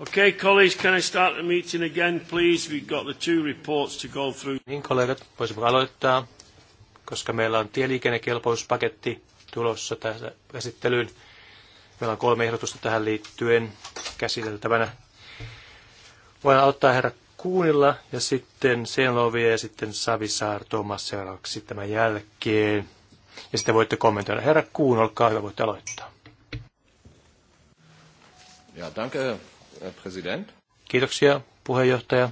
Okay, colleagues, can I start the meeting again, please? We've got the two reports to go through. Niin, kollegat, voisimme aloittaa, koska meillä on tieliikennekelpoispaketti tulossa tässä käsittelyyn. Meillä on kolme ehdotusta tähän liittyen käsiteltävänä. Voin aloittaa herra Kuunilla ja sitten Senlovia ja sitten Savisaar Thomas seuraavaksi tämän jälkeen. Ja sitten voitte kommentoida. Herra Kuun, olkaa hyvä, voitte aloittaa. Ja, danke, President. Kiitoksia, puheenjohtaja.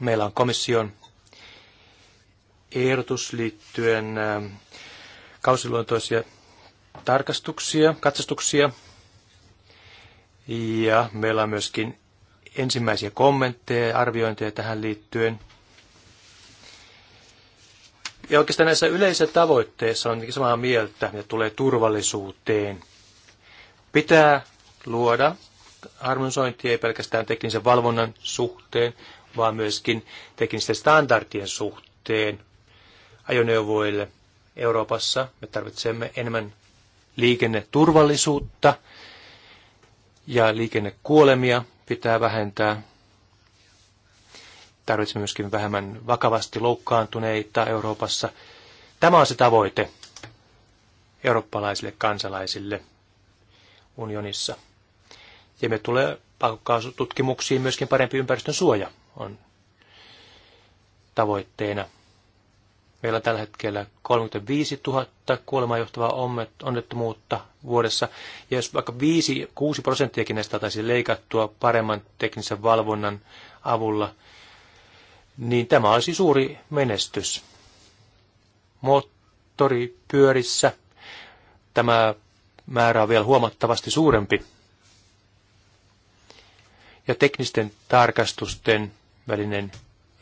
Meillä on komission ehdotus liittyen kausiluontoisia tarkastuksia, katsastuksia. Ja meillä on myöskin ensimmäisiä kommentteja ja arviointeja tähän liittyen. Ja oikeastaan näissä yleisissä tavoitteissa on samaa mieltä, mitä tulee turvallisuuteen – Pitää luoda harmonisointi ei pelkästään teknisen valvonnan suhteen, vaan myöskin teknisten standardien suhteen ajoneuvoille Euroopassa. Me tarvitsemme enemmän liikenneturvallisuutta ja liikennekuolemia pitää vähentää. Tarvitsemme myöskin vähemmän vakavasti loukkaantuneita Euroopassa. Tämä on se tavoite eurooppalaisille kansalaisille unionissa. Ja me tulee pakokaasututkimuksiin myöskin parempi ympäristön suoja on tavoitteena. Meillä on tällä hetkellä 35 000 kuolemaan johtavaa onnettomuutta vuodessa. Ja jos vaikka 5-6 prosenttiakin näistä taisi leikattua paremman teknisen valvonnan avulla, niin tämä olisi suuri menestys. Moottoripyörissä tämä määrä on vielä huomattavasti suurempi. Ja teknisten tarkastusten välinen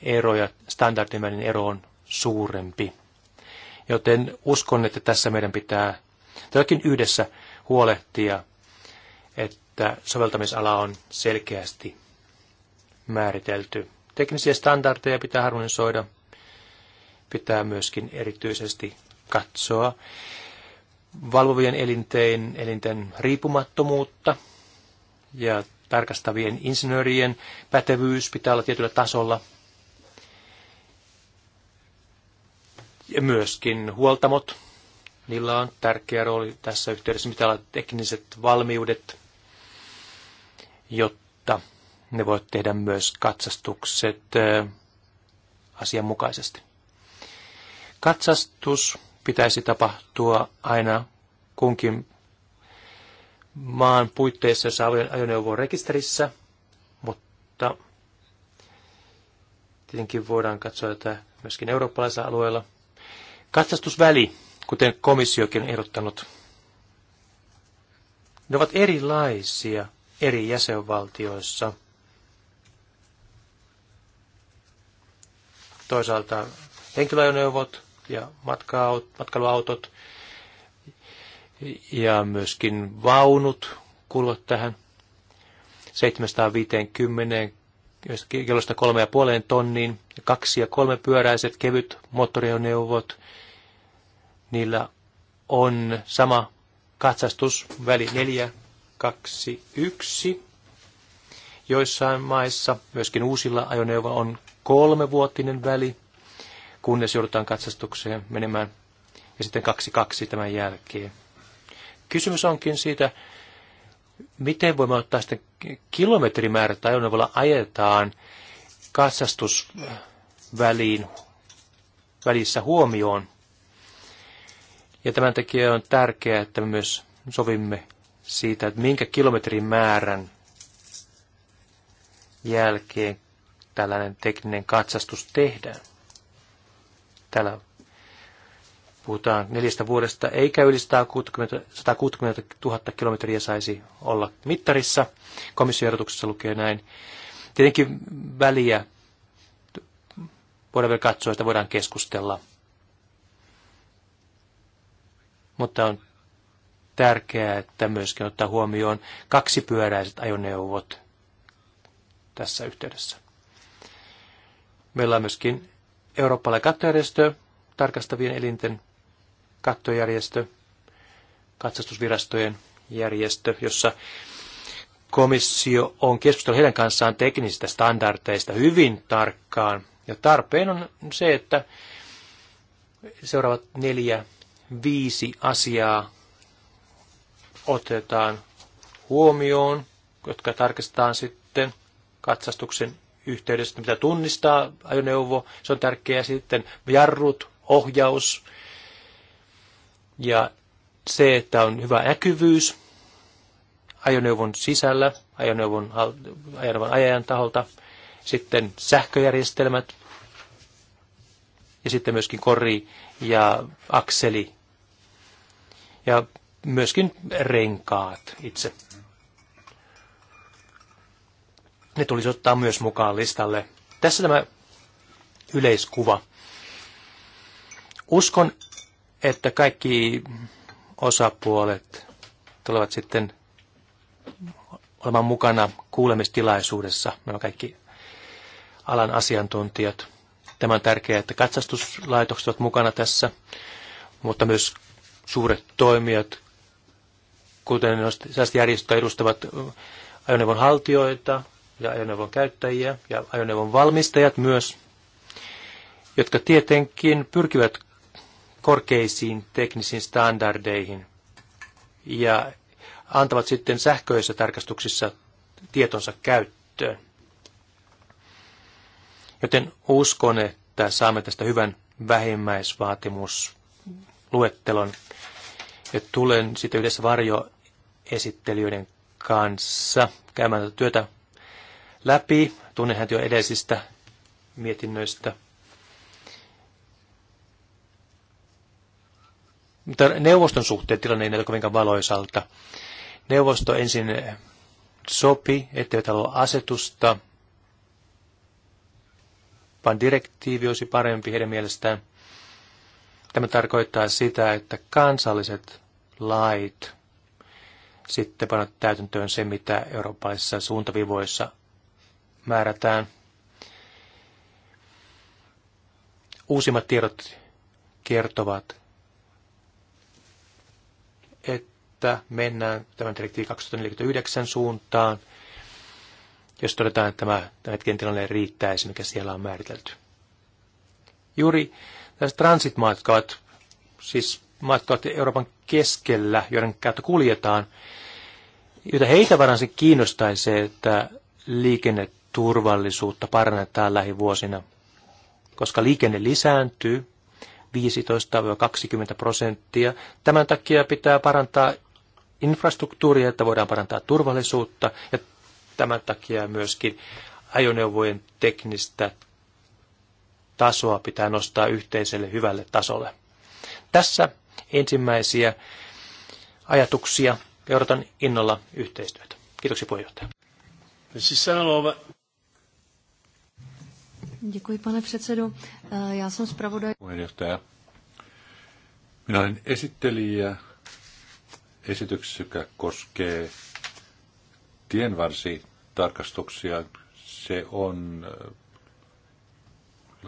ero ja standardin välinen ero on suurempi. Joten uskon, että tässä meidän pitää todellakin yhdessä huolehtia, että soveltamisala on selkeästi määritelty. Teknisiä standardeja pitää harmonisoida, pitää myöskin erityisesti katsoa valvovien elinteen elinten riippumattomuutta ja tarkastavien insinöörien pätevyys pitää olla tietyllä tasolla. Ja myöskin huoltamot, niillä on tärkeä rooli tässä yhteydessä, mitä olla tekniset valmiudet, jotta ne voivat tehdä myös katsastukset asianmukaisesti. Katsastus pitäisi tapahtua aina kunkin maan puitteissa, jossa ajoneuvo on rekisterissä, mutta tietenkin voidaan katsoa tätä myöskin eurooppalaisella alueella. Katsastusväli, kuten komissiokin on ehdottanut, ne ovat erilaisia eri jäsenvaltioissa. Toisaalta henkilöajoneuvot ja matkailuautot ja myöskin vaunut kuuluvat tähän 750 kilosta 3,5 tonniin, kaksi ja kolme pyöräiset kevyt moottoriajoneuvot, niillä on sama väli 2, 1. Joissain maissa, myöskin uusilla ajoneuvoilla on kolmevuotinen väli, kunnes joudutaan katsastukseen menemään, ja sitten kaksi kaksi tämän jälkeen. Kysymys onkin siitä, miten voimme ottaa sitten kilometrimäärät ajoneuvolla ajetaan katsastusväliin välissä huomioon. Ja tämän takia on tärkeää, että me myös sovimme siitä, että minkä kilometrin määrän jälkeen tällainen tekninen katsastus tehdään. Täällä puhutaan neljästä vuodesta, eikä yli 160, 160 000 kilometriä saisi olla mittarissa. Komissioehdotuksessa lukee näin. Tietenkin väliä voidaan vielä katsoa, että voidaan keskustella. Mutta on tärkeää, että myöskin ottaa huomioon kaksipyöräiset ajoneuvot tässä yhteydessä. Meillä on myöskin Eurooppalainen kattojärjestö, tarkastavien elinten kattojärjestö, katsastusvirastojen järjestö, jossa komissio on keskustellut heidän kanssaan teknisistä standardeista hyvin tarkkaan. Ja tarpeen on se, että seuraavat neljä, viisi asiaa otetaan huomioon, jotka tarkistetaan sitten katsastuksen yhteydessä, mitä tunnistaa ajoneuvo, se on tärkeää. Sitten jarrut, ohjaus ja se, että on hyvä näkyvyys ajoneuvon sisällä, ajoneuvon, ajoneuvon ajajan taholta, sitten sähköjärjestelmät ja sitten myöskin kori ja akseli ja myöskin renkaat itse ne tulisi ottaa myös mukaan listalle. Tässä tämä yleiskuva. Uskon, että kaikki osapuolet tulevat sitten olemaan mukana kuulemistilaisuudessa, nämä kaikki alan asiantuntijat. Tämä on tärkeää, että katsastuslaitokset ovat mukana tässä, mutta myös suuret toimijat, kuten järjestöt edustavat ajoneuvon haltijoita, ja ajoneuvon käyttäjiä ja ajoneuvon valmistajat myös, jotka tietenkin pyrkivät korkeisiin teknisiin standardeihin ja antavat sitten sähköisissä tarkastuksissa tietonsa käyttöön. Joten uskon, että saamme tästä hyvän vähimmäisvaatimusluettelon ja tulen sitten yhdessä varjoesittelijöiden kanssa käymään tätä työtä läpi. Tunnen hänet jo edellisistä mietinnöistä. Mutta neuvoston suhteen tilanne ei näytä kovinkaan valoisalta. Neuvosto ensin sopi, ettei ole asetusta, vaan direktiivi olisi parempi heidän mielestään. Tämä tarkoittaa sitä, että kansalliset lait sitten panot täytäntöön se, mitä eurooppalaisissa suuntavivoissa määrätään. Uusimmat tiedot kertovat, että mennään tämän direktiivin 2049 suuntaan, jos todetaan, että tämä, tämä hetken tilanne riittäisi, mikä siellä on määritelty. Juuri tällaiset transitmaat, jotka ovat siis maat ovat Euroopan keskellä, joiden kautta kuljetaan, joita heitä varmaan se kiinnostaisi, että liikenne turvallisuutta parannetaan lähivuosina, koska liikenne lisääntyy 15-20 prosenttia. Tämän takia pitää parantaa infrastruktuuria, että voidaan parantaa turvallisuutta ja tämän takia myöskin ajoneuvojen teknistä tasoa pitää nostaa yhteiselle hyvälle tasolle. Tässä ensimmäisiä ajatuksia. Odotan innolla yhteistyötä. Kiitoksia puheenjohtaja. Děkuji, pane předsedo. Eh, já jsem zpravodaj. Puheenjohtaja. Minä olen esittelijä esityksessä, joka koskee tienvarsitarkastuksia. Se on eh,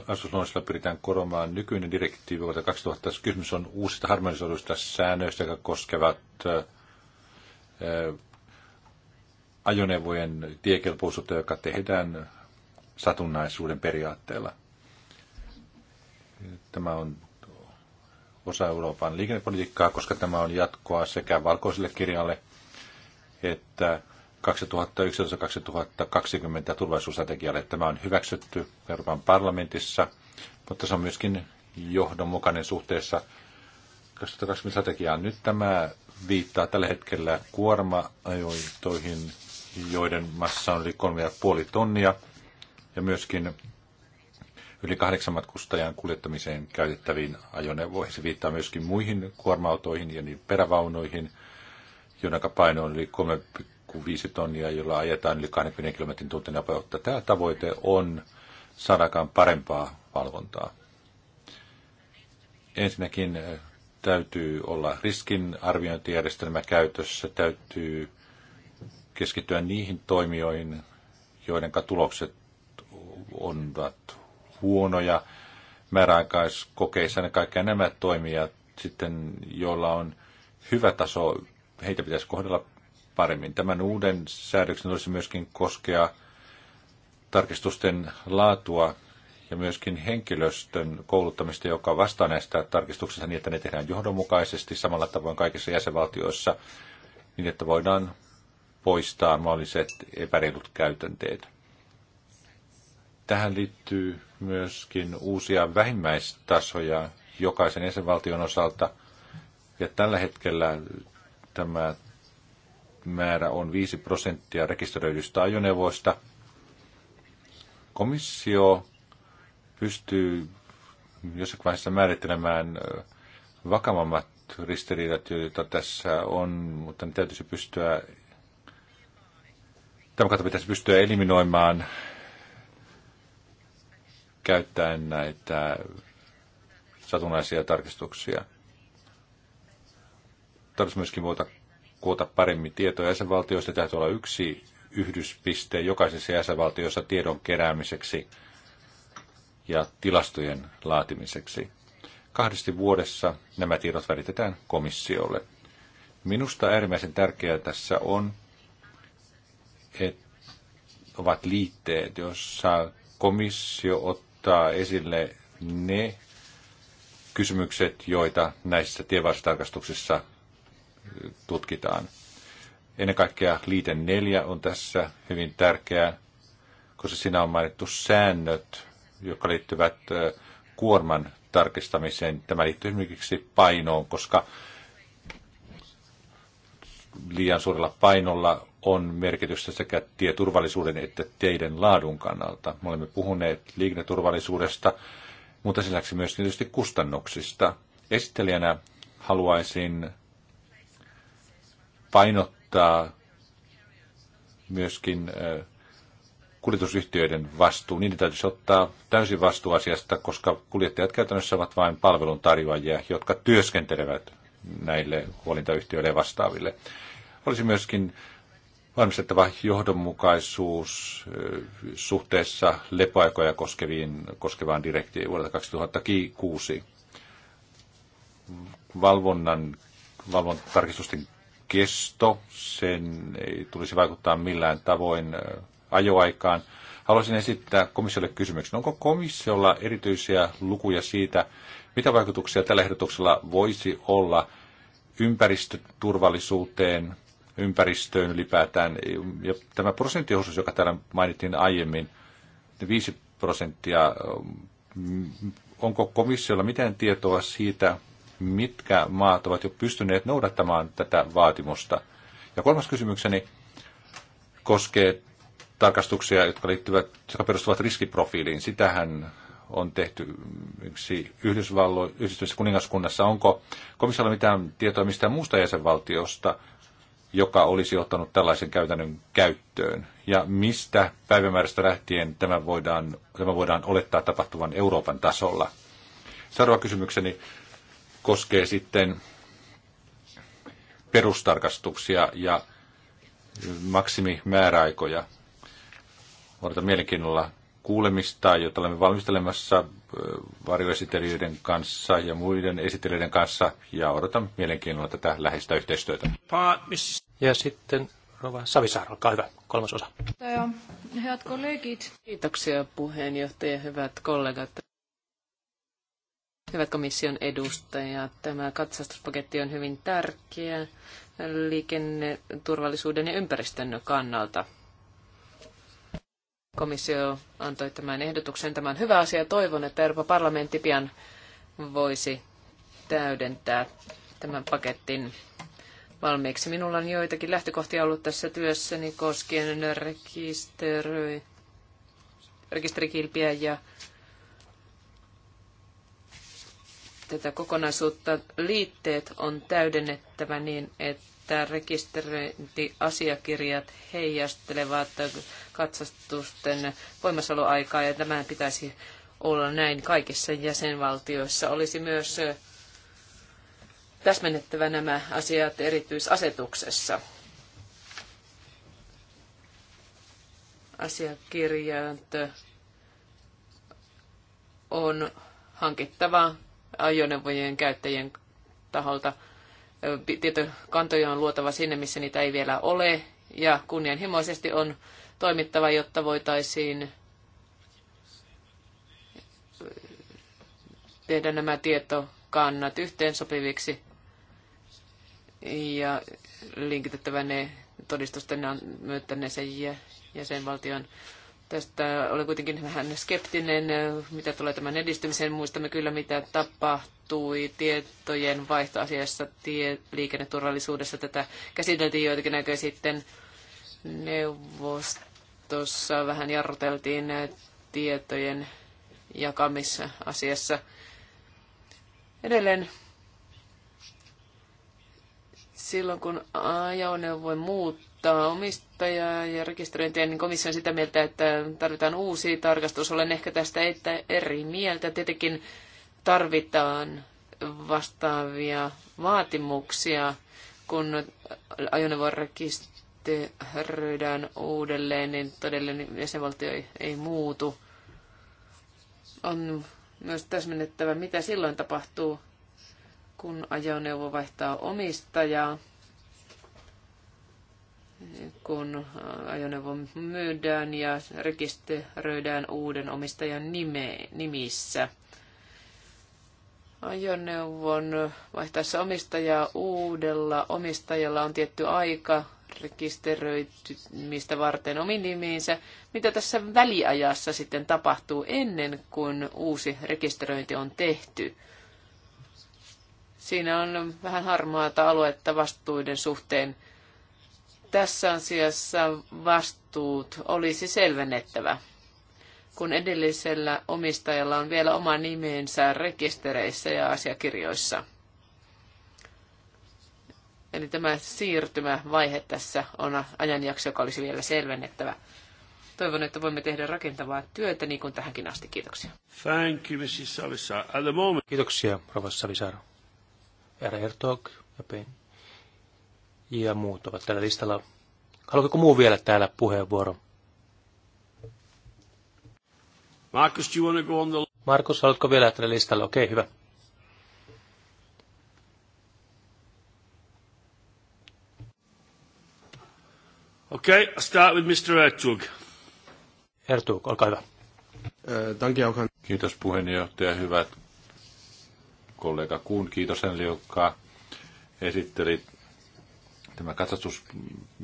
asetusluonnoksella pyritään koromaan nykyinen direktiivi vuodelta 2000. Kysymys on uusista harmonisoiduista säännöistä, jotka koskevat eh, ajoneuvojen tiekelpoisuutta, joka tehdään satunnaisuuden periaatteella. Tämä on osa Euroopan liikennepolitiikkaa, koska tämä on jatkoa sekä valkoiselle kirjalle että 2011-2020 turvallisuusstrategialle. Tämä on hyväksytty Euroopan parlamentissa, mutta se on myöskin johdonmukainen suhteessa 2020 strategiaan. Nyt tämä viittaa tällä hetkellä kuorma-ajoitoihin, joiden massa on yli 3,5 tonnia – ja myöskin yli kahdeksan matkustajan kuljettamiseen käytettäviin ajoneuvoihin. Se viittaa myöskin muihin kuorma-autoihin ja niin perävaunuihin, joiden paino on yli 3,5 tonnia, jolla ajetaan yli 20 kilometrin nopeutta. Tämä tavoite on sadakaan parempaa valvontaa. Ensinnäkin eh, täytyy olla riskinarviointijärjestelmä käytössä, täytyy keskittyä niihin toimijoihin, joiden tulokset on huonoja määräaikaiskokeissa, ne kaikkia nämä toimijat sitten, joilla on hyvä taso, heitä pitäisi kohdella paremmin. Tämän uuden säädöksen olisi myöskin koskea tarkistusten laatua ja myöskin henkilöstön kouluttamista, joka vastaa näistä tarkistuksista niin, että ne tehdään johdonmukaisesti samalla tavoin kaikissa jäsenvaltioissa, niin että voidaan poistaa mahdolliset epäreilut käytänteet. Tähän liittyy myöskin uusia vähimmäistasoja jokaisen jäsenvaltion osalta. Ja tällä hetkellä tämä määrä on 5 prosenttia rekisteröidyistä ajoneuvoista. Komissio pystyy jossakin vaiheessa määrittelemään vakavammat ristiriidat, joita tässä on, mutta ne täytyisi pystyä, tämä kautta pitäisi pystyä eliminoimaan käyttäen näitä satunnaisia tarkistuksia. Tarvitsisi myöskin voida koota paremmin tietoa jäsenvaltioista. Täytyy olla yksi yhdyspiste jokaisessa jäsenvaltiossa tiedon keräämiseksi ja tilastojen laatimiseksi. Kahdesti vuodessa nämä tiedot välitetään komissiolle. Minusta äärimmäisen tärkeää tässä on, että ovat liitteet, jossa komissio ottaa ottaa esille ne kysymykset, joita näissä tievaistarkastuksissa tutkitaan. Ennen kaikkea liite neljä on tässä hyvin tärkeä, koska siinä on mainittu säännöt, jotka liittyvät kuorman tarkistamiseen. Tämä liittyy esimerkiksi painoon, koska liian suurella painolla on merkitystä sekä tieturvallisuuden että teiden laadun kannalta. Me olemme puhuneet liikenneturvallisuudesta, mutta lisäksi myös tietysti kustannuksista. Esittelijänä haluaisin painottaa myöskin kuljetusyhtiöiden vastuu. Niiden täytyisi ottaa täysin vastuu asiasta, koska kuljettajat käytännössä ovat vain palveluntarjoajia, jotka työskentelevät näille huolintayhtiöille vastaaville. Olisi myöskin varmistettava johdonmukaisuus suhteessa lepoaikoja koskeviin, koskevaan direktiiviin vuodelta 2006. Valvonnan, valvontatarkistusten kesto, sen ei tulisi vaikuttaa millään tavoin ajoaikaan. Haluaisin esittää komissiolle kysymyksen. Onko komissiolla erityisiä lukuja siitä, mitä vaikutuksia tällä ehdotuksella voisi olla ympäristöturvallisuuteen, ympäristöön ylipäätään. Ja tämä prosenttiosuus, joka täällä mainittiin aiemmin, 5 prosenttia, onko komissiolla mitään tietoa siitä, mitkä maat ovat jo pystyneet noudattamaan tätä vaatimusta? Ja kolmas kysymykseni koskee tarkastuksia, jotka, liittyvät, jotka perustuvat riskiprofiiliin. Sitähän on tehty Yhdysvallo, yhdistyneessä kuningaskunnassa. Onko komissiolla mitään tietoa mistään muusta jäsenvaltiosta, joka olisi ottanut tällaisen käytännön käyttöön? Ja mistä päivämäärästä lähtien tämä voidaan, tämä voidaan olettaa tapahtuvan Euroopan tasolla? Seuraava kysymykseni koskee sitten perustarkastuksia ja maksimimääräaikoja. Odotan mielenkiinnolla kuulemista, jota olemme valmistelemassa varjoesitelijöiden kanssa ja muiden esitelijöiden kanssa, ja odotan mielenkiinnolla tätä läheistä yhteistyötä. Ja sitten Rova Savisaar, olkaa hyvä, kolmas osa. Hyvät kollegit. Kiitoksia puheenjohtaja, hyvät kollegat. Hyvät komission edustajat, tämä katsastuspaketti on hyvin tärkeä liikenneturvallisuuden ja ympäristön kannalta komissio antoi tämän ehdotuksen. Tämä on hyvä asia. Toivon, että Euroopan parlamentti pian voisi täydentää tämän paketin valmiiksi. Minulla on joitakin lähtökohtia ollut tässä työssäni koskien rekisteröi, rekisterikilpiä ja tätä kokonaisuutta liitteet on täydennettävä niin, että että rekisteröintiasiakirjat heijastelevat katsastusten voimassaoloaikaa ja tämän pitäisi olla näin kaikissa jäsenvaltioissa. Olisi myös täsmennettävä nämä asiat erityisasetuksessa. Asiakirjat on hankittava ajoneuvojen käyttäjien taholta – tietokantoja on luotava sinne, missä niitä ei vielä ole, ja kunnianhimoisesti on toimittava, jotta voitaisiin tehdä nämä tietokannat yhteensopiviksi ja linkitettävä ne todistusten myöntäneeseen jäsenvaltion Tästä olen kuitenkin vähän skeptinen, mitä tulee tämän edistymiseen. Muistamme kyllä, mitä tapahtui tietojen vaihtoasiassa, tie, liikenneturvallisuudessa. Tätä käsiteltiin joitakin aikoja sitten neuvostossa. Vähän jarruteltiin tietojen jakamissa asiassa. Edelleen silloin, kun ajoneuvo muut mutta omistaja ja rekisteröintien niin komissio on sitä mieltä, että tarvitaan uusi tarkastus. Olen ehkä tästä eri mieltä. Tietenkin tarvitaan vastaavia vaatimuksia, kun ajoneuvon rekisteröidään uudelleen, niin todellinen jäsenvaltio ei, ei muutu. On myös täsmennettävä, mitä silloin tapahtuu, kun ajoneuvo vaihtaa omistajaa kun ajoneuvo myydään ja rekisteröidään uuden omistajan nime, nimissä. Ajoneuvon vaihtaessa omistajaa uudella omistajalla on tietty aika rekisteröitymistä varten omiin nimiinsä. Mitä tässä väliajassa sitten tapahtuu ennen kuin uusi rekisteröinti on tehty? Siinä on vähän harmaata aluetta vastuiden suhteen tässä asiassa vastuut olisi selvennettävä, kun edellisellä omistajalla on vielä oma nimensä rekistereissä ja asiakirjoissa. Eli tämä siirtymävaihe tässä on ajanjakso, joka olisi vielä selvennettävä. Toivon, että voimme tehdä rakentavaa työtä niin kuin tähänkin asti. Kiitoksia. Thank you, Mrs. Savisaar. At the moment... Kiitoksia, Rova Savisaar. Herra ja pen ja muut ovat tällä listalla. Haluatko muu vielä täällä puheenvuoro? Markus, the... Markus, haluatko vielä tällä listalla? Okei, okay, hyvä. Okei, okay, start with Mr. Ertug. Ertug, olkaa hyvä. Eh, Kiitos puheenjohtaja, hyvät kollega Kuun. Kiitos hänelle, joka esitteli tämä katsastus,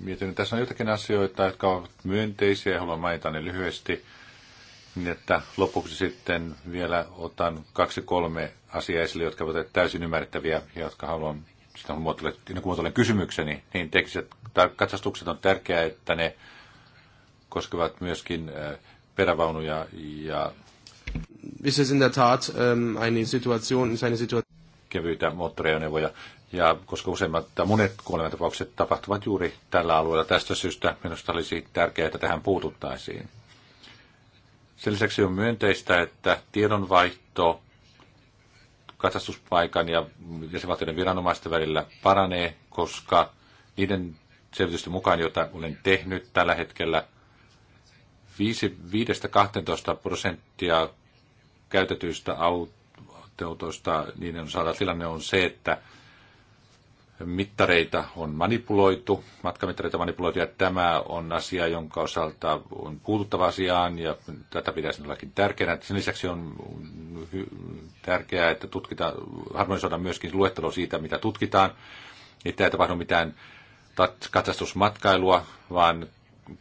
mietin, tässä on jotakin asioita, jotka ovat myönteisiä ja haluan mainita ne lyhyesti, niin että lopuksi sitten vielä otan kaksi kolme asiaa esille, jotka ovat täysin ymmärrettäviä ja jotka haluan sitten muotoilen, muotoilen kysymykseni, niin tekniset katsastukset on tärkeää, että ne koskevat myöskin äh, perävaunuja ja ist es in der Tat ähm, um, eine Situation, eine Situation. Kevyitä moottoriajoneuvoja. Ja koska useimmat tai monet kuolemantapaukset tapahtuvat juuri tällä alueella, tästä syystä minusta olisi tärkeää, että tähän puututtaisiin. Sen lisäksi on myönteistä, että tiedonvaihto katsastuspaikan ja jäsenvaltioiden viranomaisten välillä paranee, koska niiden selvitysten mukaan, joita olen tehnyt tällä hetkellä, 5-12 prosenttia käytetyistä autoista, niiden osalta tilanne on se, että mittareita on manipuloitu, matkamittareita on manipuloitu, ja tämä on asia, jonka osalta on puututtava asiaan, ja tätä pitäisi jollakin tärkeänä. Sen lisäksi on tärkeää, että tutkitaan, harmonisoidaan myöskin luettelo siitä, mitä tutkitaan, että ei tapahdu mitään katsastusmatkailua, vaan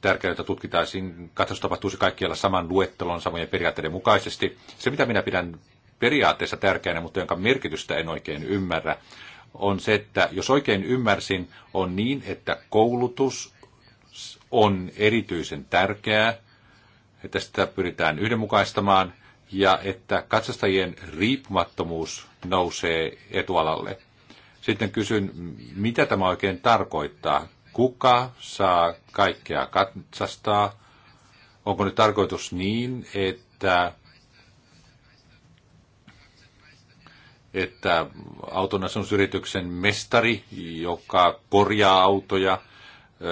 tärkeää, että tutkitaan, katsastus tapahtuisi kaikkialla saman luettelon, samojen periaatteiden mukaisesti. Se, mitä minä pidän periaatteessa tärkeänä, mutta jonka merkitystä en oikein ymmärrä, on se, että jos oikein ymmärsin, on niin, että koulutus on erityisen tärkeää, että sitä pyritään yhdenmukaistamaan ja että katsastajien riippumattomuus nousee etualalle. Sitten kysyn, mitä tämä oikein tarkoittaa? Kuka saa kaikkea katsastaa? Onko nyt tarkoitus niin, että että yrityksen mestari, joka korjaa autoja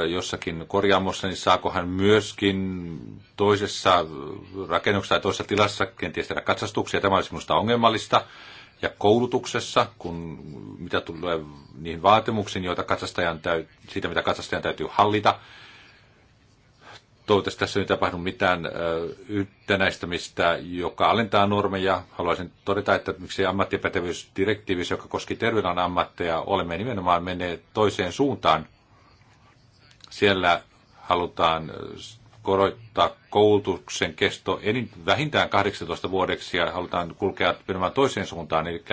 jossakin korjaamossa, niin saako hän myöskin toisessa rakennuksessa tai toisessa tilassa kenties tehdä katsastuksia. Tämä olisi minusta ongelmallista. Ja koulutuksessa, kun mitä tulee niihin vaatimuksiin, joita katsastajan täy, siitä mitä katsastajan täytyy hallita, Toivottavasti tässä ei tapahdu mitään yhtenäistämistä, joka alentaa normeja. Haluaisin todeta, että miksi ammattipätevyysdirektiivi, joka koski terveydenhuollon ammatteja, olemme nimenomaan menneet toiseen suuntaan. Siellä halutaan korottaa koulutuksen kesto enin, vähintään 18 vuodeksi ja halutaan kulkea menemään toiseen suuntaan. Eli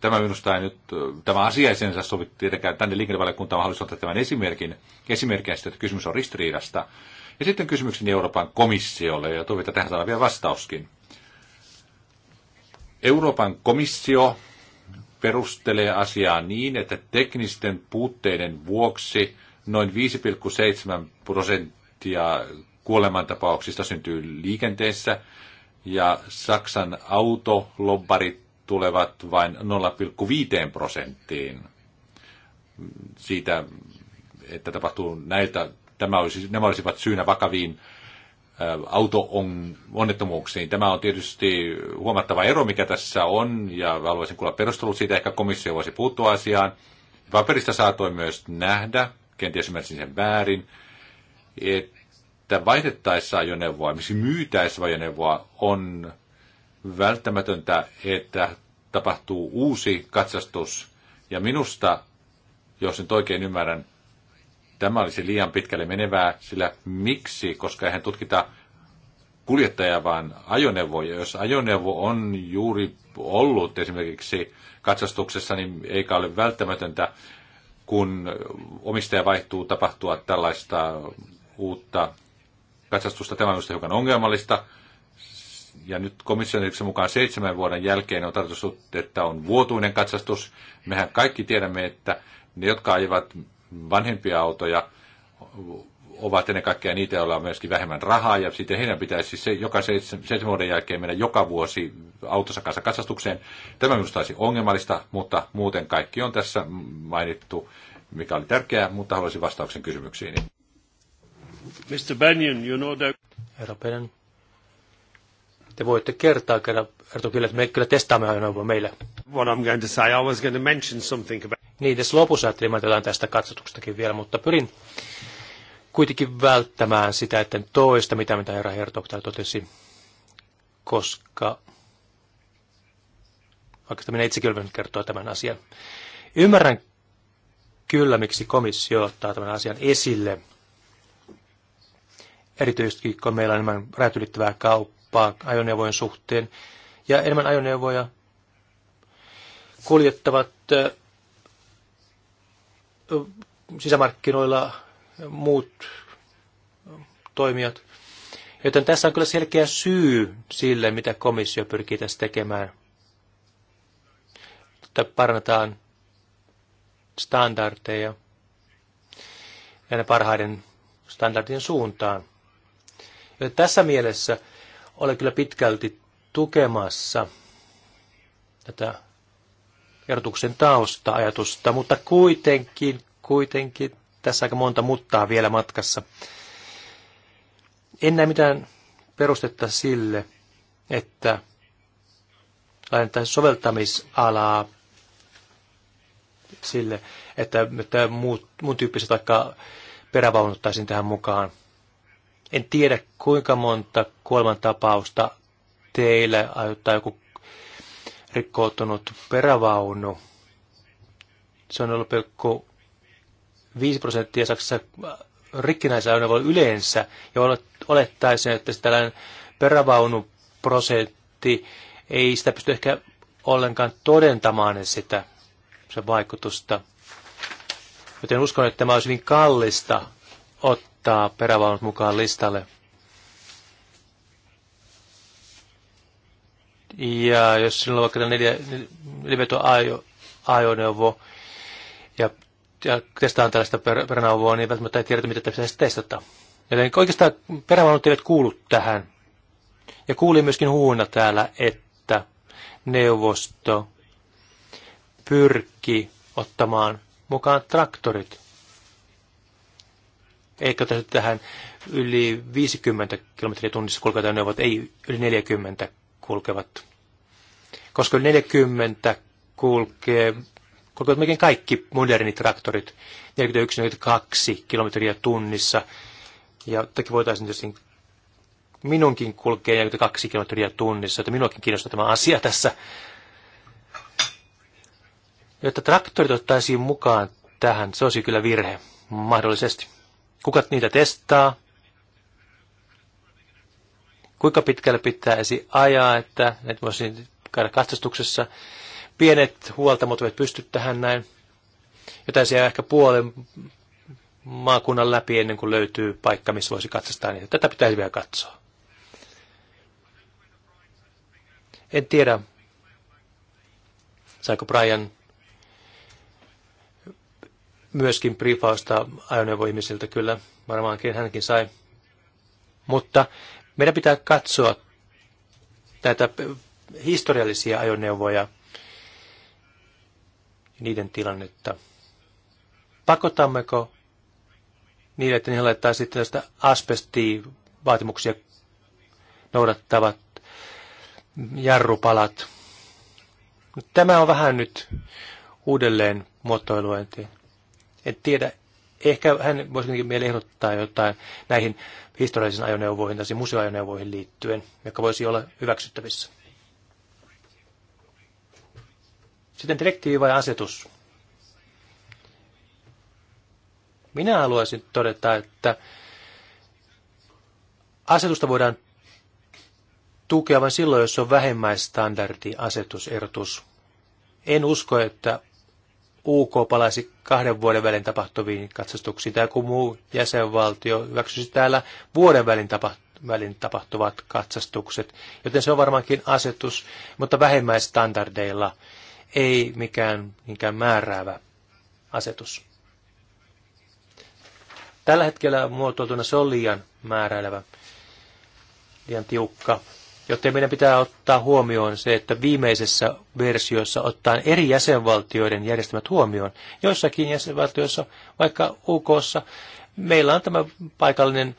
tämä minusta ei nyt, tämä asia ei sinänsä sovi tietenkään tänne liikennevaliokuntaan, haluaisin ottaa tämän esimerkin, esimerkkinä että kysymys on ristiriidasta. Ja sitten kysymykseni Euroopan komissiolle, ja toivotan tähän saadaan vielä vastauskin. Euroopan komissio perustelee asiaa niin, että teknisten puutteiden vuoksi noin 5,7 prosenttia kuolemantapauksista syntyy liikenteessä ja Saksan autolobbarit tulevat vain 0,5 prosenttiin siitä, että tapahtuu näiltä tämä olisi, nämä olisivat syynä vakaviin auto-onnettomuuksiin. Tämä on tietysti huomattava ero, mikä tässä on, ja haluaisin kuulla perustelut siitä, ehkä komissio voisi puuttua asiaan. Paperista saatoin myös nähdä, kenties ymmärsin sen väärin, että vaihdettaessa ajoneuvoa, miksi myytäessä ajoneuvoa, on välttämätöntä, että tapahtuu uusi katsastus. Ja minusta, jos nyt oikein ymmärrän, Tämä olisi liian pitkälle menevää, sillä miksi, koska eihän tutkita kuljettajaa, vaan ajoneuvoja. Jos ajoneuvo on juuri ollut esimerkiksi katsastuksessa, niin eikä ole välttämätöntä, kun omistaja vaihtuu, tapahtua tällaista uutta katsastusta. Tämä on minusta hiukan ongelmallista. Ja nyt komission mukaan seitsemän vuoden jälkeen on tarkoitus, että on vuotuinen katsastus. Mehän kaikki tiedämme, että ne, jotka ajavat vanhempia autoja ovat ennen kaikkea niitä, joilla on myöskin vähemmän rahaa, ja sitten heidän pitäisi se, joka seitsemän vuoden jälkeen mennä joka vuosi autossa kanssa katsastukseen. Tämä minusta olisi ongelmallista, mutta muuten kaikki on tässä mainittu, mikä oli tärkeää, mutta haluaisin vastauksen kysymyksiin. Mr. Bennion, you know that... Herra Bennion, te voitte kertaa kerran, Arto, kyllä, että me kyllä testaamme ajoneuvoa meillä. What I'm going to say, I was going to mention something about... Niin, tässä lopussa ajattelin, että jotain tästä katsotuksestakin vielä, mutta pyrin kuitenkin välttämään sitä, että toista, mitä mitä herra Hertog täällä totesi, koska oikeastaan minä itsekin olen kertoa tämän asian. Ymmärrän kyllä, miksi komissio ottaa tämän asian esille, erityisesti kun meillä on enemmän räätylittävää kauppaa kauppaa ajoneuvojen suhteen. Ja enemmän ajoneuvoja kuljettavat sisämarkkinoilla muut toimijat. Joten tässä on kyllä selkeä syy sille, mitä komissio pyrkii tässä tekemään. Että parannetaan standardeja ja ne parhaiden standardien suuntaan. Joten tässä mielessä ole kyllä pitkälti tukemassa tätä erotuksen tausta-ajatusta, mutta kuitenkin, kuitenkin tässä aika monta muttaa vielä matkassa. En näe mitään perustetta sille, että laitetaan soveltamisalaa sille, että, että muut, muun tyyppiset vaikka perävaunuttaisiin tähän mukaan. En tiedä, kuinka monta kuolemantapausta teillä aiheuttaa joku rikkoutunut perävaunu. Se on ollut 5 prosenttia Saksassa rikkinäisajoneuvolla yleensä, ja olettaisin, että tällainen perävaunuprosentti ei sitä pysty ehkä ollenkaan todentamaan sitä, sen vaikutusta. Joten uskon, että tämä olisi hyvin kallista ottaa ottaa perävaunut mukaan listalle. Ja jos sinulla on vaikka neljä, liveto ajo, ajoneuvo ja, ja testaan tällaista per, peränauvoa, niin välttämättä ei tiedetä, mitä pitäisi testata. Joten oikeastaan perävaunut eivät kuulu tähän. Ja kuulin myöskin huuna täällä, että neuvosto pyrki ottamaan mukaan traktorit Eikö tähän yli 50 kilometriä tunnissa kulkevat ajoneuvot, ei yli 40 kulkevat. Koska yli 40 kulkee, kulkevat melkein kaikki modernit traktorit 41-42 kilometriä tunnissa. Ja toki voitaisiin tietysti minunkin kulkee 42 kilometriä tunnissa, että minuakin kiinnostaa tämä asia tässä. Jotta traktorit ottaisiin mukaan tähän, se olisi kyllä virhe, mahdollisesti. Kuka niitä testaa? Kuinka pitkälle pitää esi ajaa, että näitä voisi käydä katsastuksessa? Pienet huoltamot eivät pysty tähän näin. Jotain siellä ehkä puolen maakunnan läpi ennen kuin löytyy paikka, missä voisi katsastaa niitä. Tätä pitäisi vielä katsoa. En tiedä, saiko Brian myöskin briefausta ajoneuvoihmisiltä kyllä, varmaankin hänkin sai. Mutta meidän pitää katsoa näitä historiallisia ajoneuvoja, niiden tilannetta. Pakotammeko niin, että niihin laittaa sitten tällaista asbestivaatimuksia noudattavat jarrupalat. Tämä on vähän nyt uudelleen muotoiluointiin. En tiedä, ehkä hän voisi meille ehdottaa jotain näihin historiallisiin ajoneuvoihin tai museoajoneuvoihin liittyen, jotka voisi olla hyväksyttävissä. Sitten direktiivi vai asetus? Minä haluaisin todeta, että asetusta voidaan tukea vain silloin, jos on vähemmäistandardi asetusehdotus. En usko, että UK palaisi kahden vuoden välin tapahtuviin katsastuksiin tai joku muu jäsenvaltio hyväksyisi täällä vuoden välin, tapahtu- välin tapahtuvat katsastukset. Joten se on varmaankin asetus, mutta vähimmäistandardeilla ei mikään, mikään määräävä asetus. Tällä hetkellä muotoiltuna se on liian määräilevä, liian tiukka. Joten meidän pitää ottaa huomioon se, että viimeisessä versiossa ottaen eri jäsenvaltioiden järjestelmät huomioon. Joissakin jäsenvaltioissa, vaikka UKssa, meillä on tämä paikallinen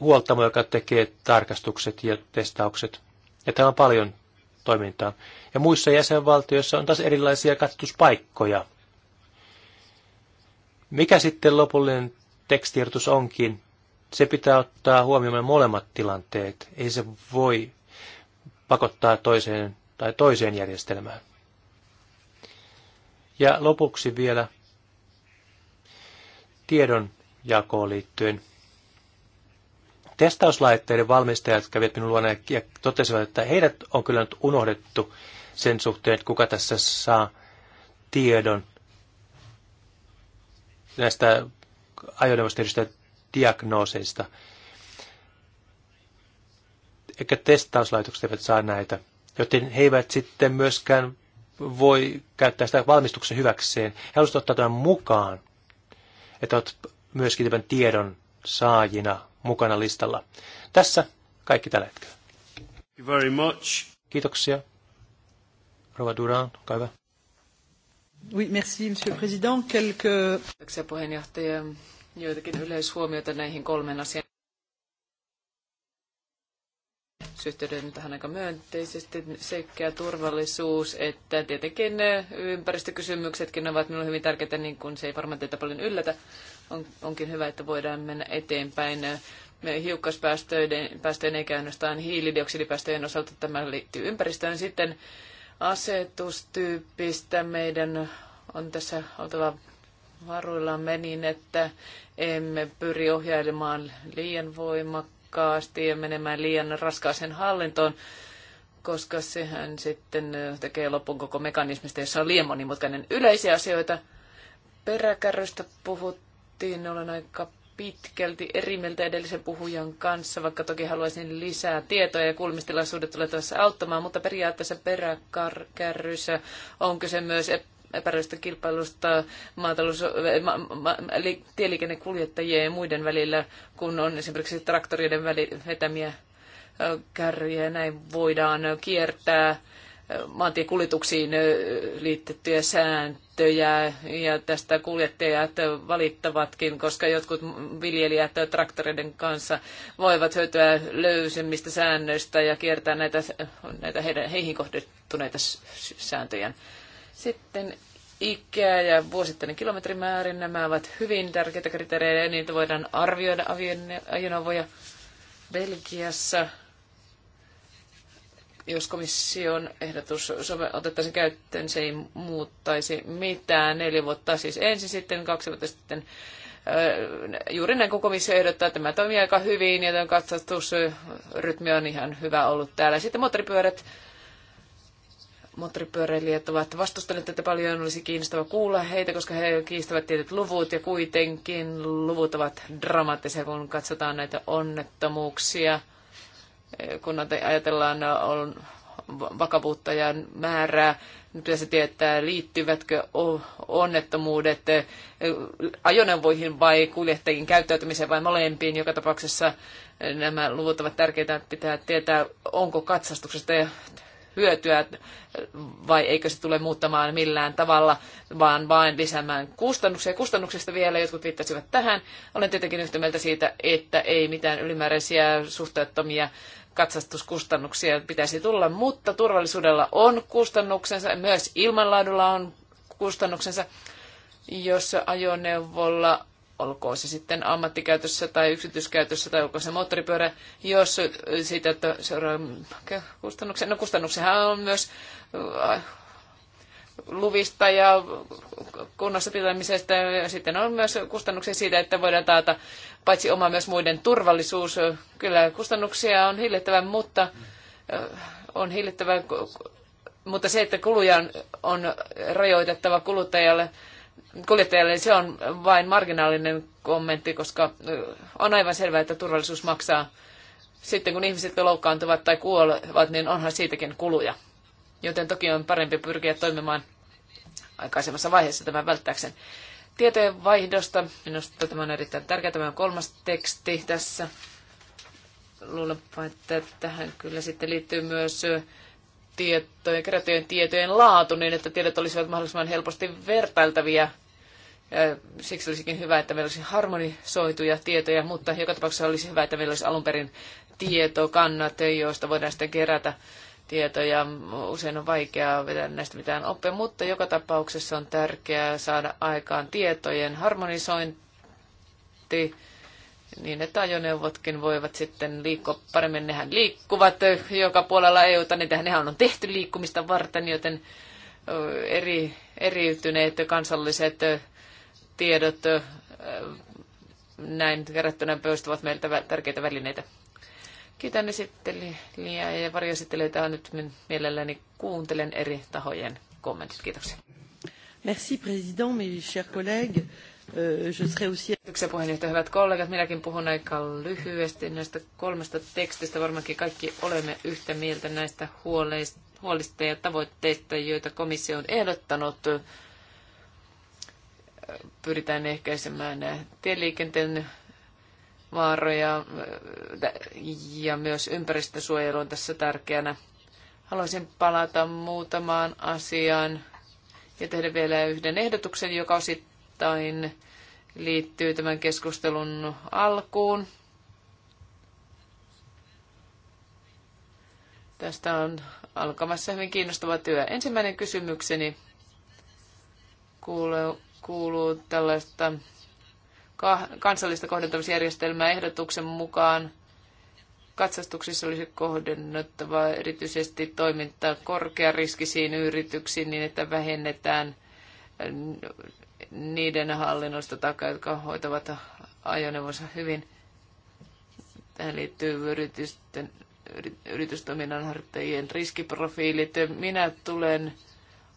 huoltamo, joka tekee tarkastukset ja testaukset. Ja tämä on paljon toimintaa. Ja muissa jäsenvaltioissa on taas erilaisia katsotuspaikkoja. Mikä sitten lopullinen tekstiirtus onkin, se pitää ottaa huomioon molemmat tilanteet. Ei se voi pakottaa toiseen tai toiseen järjestelmään. Ja lopuksi vielä tiedon jakoon liittyen. Testauslaitteiden valmistajat kävivät minun luona ja totesivat, että heidät on kyllä nyt unohdettu sen suhteen, että kuka tässä saa tiedon näistä ajoneuvosta diagnooseista. Eikä testauslaitokset eivät saa näitä, joten he eivät sitten myöskään voi käyttää sitä valmistuksen hyväkseen. He haluaisivat ottaa tämän mukaan, että olet myöskin tämän tiedon saajina mukana listalla. Tässä kaikki tällä hetkellä. very much. Kiitoksia. Rova Duran, olkaa hyvä. Oui, merci, monsieur le président. Quelques... Kiitoksia puheenjohtaja joitakin yleishuomioita näihin kolmen asian. Suhtaudun tähän aika myönteisesti sekä turvallisuus että tietenkin ympäristökysymyksetkin ovat minulle hyvin tärkeitä, niin kuin se ei varmaan teitä paljon yllätä. On, onkin hyvä, että voidaan mennä eteenpäin hiukkaspäästöjen eikä ainoastaan hiilidioksidipäästöjen osalta. Tämä liittyy ympäristöön. Sitten asetustyyppistä meidän on tässä oltava varuilla niin, että emme pyri ohjailemaan liian voimakkaasti ja menemään liian raskaaseen hallintoon, koska sehän sitten tekee lopun koko mekanismista, jossa on liian monimutkainen yleisiä asioita. Peräkärrystä puhuttiin, olen aika pitkälti eri mieltä edellisen puhujan kanssa, vaikka toki haluaisin lisää tietoa ja kulmistilaisuudet tulee tässä auttamaan, mutta periaatteessa peräkärryssä on kyse myös epäreilusta kilpailusta maatalous, eh, ma, ma, eli tieliikennekuljettajien ja muiden välillä, kun on esimerkiksi traktorien väli, vetämiä kärryjä. Näin voidaan kiertää maantiekuljetuksiin liittettyjä sääntöjä ja tästä kuljettajat valittavatkin, koska jotkut viljelijät traktoreiden kanssa voivat hyötyä löysemmistä säännöistä ja kiertää näitä, näitä heidän, heihin kohdettuneita sääntöjä. Sitten ikää ja vuosittainen kilometrimäärin. Nämä ovat hyvin tärkeitä kriteerejä ja niitä voidaan arvioida ajoneuvoja Belgiassa. Jos komission ehdotus otettaisiin käyttöön, se ei muuttaisi mitään. Neljä vuotta siis ensin, sitten kaksi vuotta sitten juuri näin kuin komissio ehdottaa, että tämä toimii aika hyvin ja tämä katsastusrytmi on ihan hyvä ollut täällä. Sitten moottoripyörät moottoripyöräilijät ovat vastustaneet tätä paljon. Olisi kiinnostava kuulla heitä, koska he kiistävät tietyt luvut ja kuitenkin luvut ovat dramaattisia, kun katsotaan näitä onnettomuuksia. Kun ajatellaan on vakavuutta ja määrää, nyt niin pitäisi tietää, liittyvätkö onnettomuudet eh, ajoneuvoihin vai kuljettajien käyttäytymiseen vai molempiin. Joka tapauksessa eh, nämä luvut ovat tärkeitä, pitää tietää, onko katsastuksesta ja hyötyä vai eikö se tule muuttamaan millään tavalla, vaan vain lisäämään kustannuksia. Kustannuksista vielä jotkut viittasivat tähän. Olen tietenkin yhtä mieltä siitä, että ei mitään ylimääräisiä suhteettomia katsastuskustannuksia pitäisi tulla, mutta turvallisuudella on kustannuksensa, myös ilmanlaadulla on kustannuksensa. Jos ajoneuvolla olkoon se sitten ammattikäytössä tai yksityiskäytössä tai olkoon se moottoripyörä, jos siitä, että seuraa kustannuksia. No kustannuksenhan on myös äh, luvista ja kunnossa pitämisestä ja sitten on myös kustannuksia siitä, että voidaan taata paitsi oma myös muiden turvallisuus. Kyllä kustannuksia on hillittävä, mutta äh, on hillittävä, mutta se, että kuluja on, on rajoitettava kuluttajalle, kuljettajalle niin se on vain marginaalinen kommentti, koska on aivan selvää, että turvallisuus maksaa. Sitten kun ihmiset loukkaantuvat tai kuolevat, niin onhan siitäkin kuluja. Joten toki on parempi pyrkiä toimimaan aikaisemmassa vaiheessa tämän välttääkseen. Tietojen vaihdosta. Minusta tämä on erittäin tärkeä. Tämä on kolmas teksti tässä. Luulenpa, että tähän kyllä sitten liittyy myös tietojen, kerättyjen tietojen laatu niin, että tiedot olisivat mahdollisimman helposti vertailtavia. Siksi olisikin hyvä, että meillä olisi harmonisoituja tietoja, mutta joka tapauksessa olisi hyvä, että meillä olisi alun perin tietokannat, joista voidaan sitten kerätä tietoja. Usein on vaikeaa vetää näistä mitään oppia, mutta joka tapauksessa on tärkeää saada aikaan tietojen harmonisointi niin että ajoneuvotkin voivat sitten liikkua paremmin. Nehän liikkuvat joka puolella EUta, niin nehän on tehty liikkumista varten, joten eri, eriytyneet kansalliset tiedot näin kerättynä poistuvat meiltä tärkeitä välineitä. Kiitän esittelijää ja varjoesittelijöitä nyt mielelläni kuuntelen eri tahojen kommentit. Kiitoksia. Merci président, mes chers collègues je serai aussi... puheenjohtaja, hyvät kollegat. Minäkin puhun aika lyhyesti näistä kolmesta tekstistä. Varmaankin kaikki olemme yhtä mieltä näistä huolista ja tavoitteista, joita komissio on ehdottanut. Pyritään ehkäisemään tieliikenteen vaaroja ja myös ympäristösuojelu on tässä tärkeänä. Haluaisin palata muutamaan asiaan ja tehdä vielä yhden ehdotuksen, joka osittain osittain liittyy tämän keskustelun alkuun. Tästä on alkamassa hyvin kiinnostava työ. Ensimmäinen kysymykseni kuuluu, kuuluu tällaista kansallista kohdentamisjärjestelmää ehdotuksen mukaan. Katsastuksissa olisi kohdennettava erityisesti toimintaa korkeariskisiin yrityksiin niin, että vähennetään niiden hallinnosta takaa, jotka hoitavat ajoneuvonsa hyvin. Tähän liittyy yritysten, yritystoiminnan harjoittajien riskiprofiilit. Minä tulen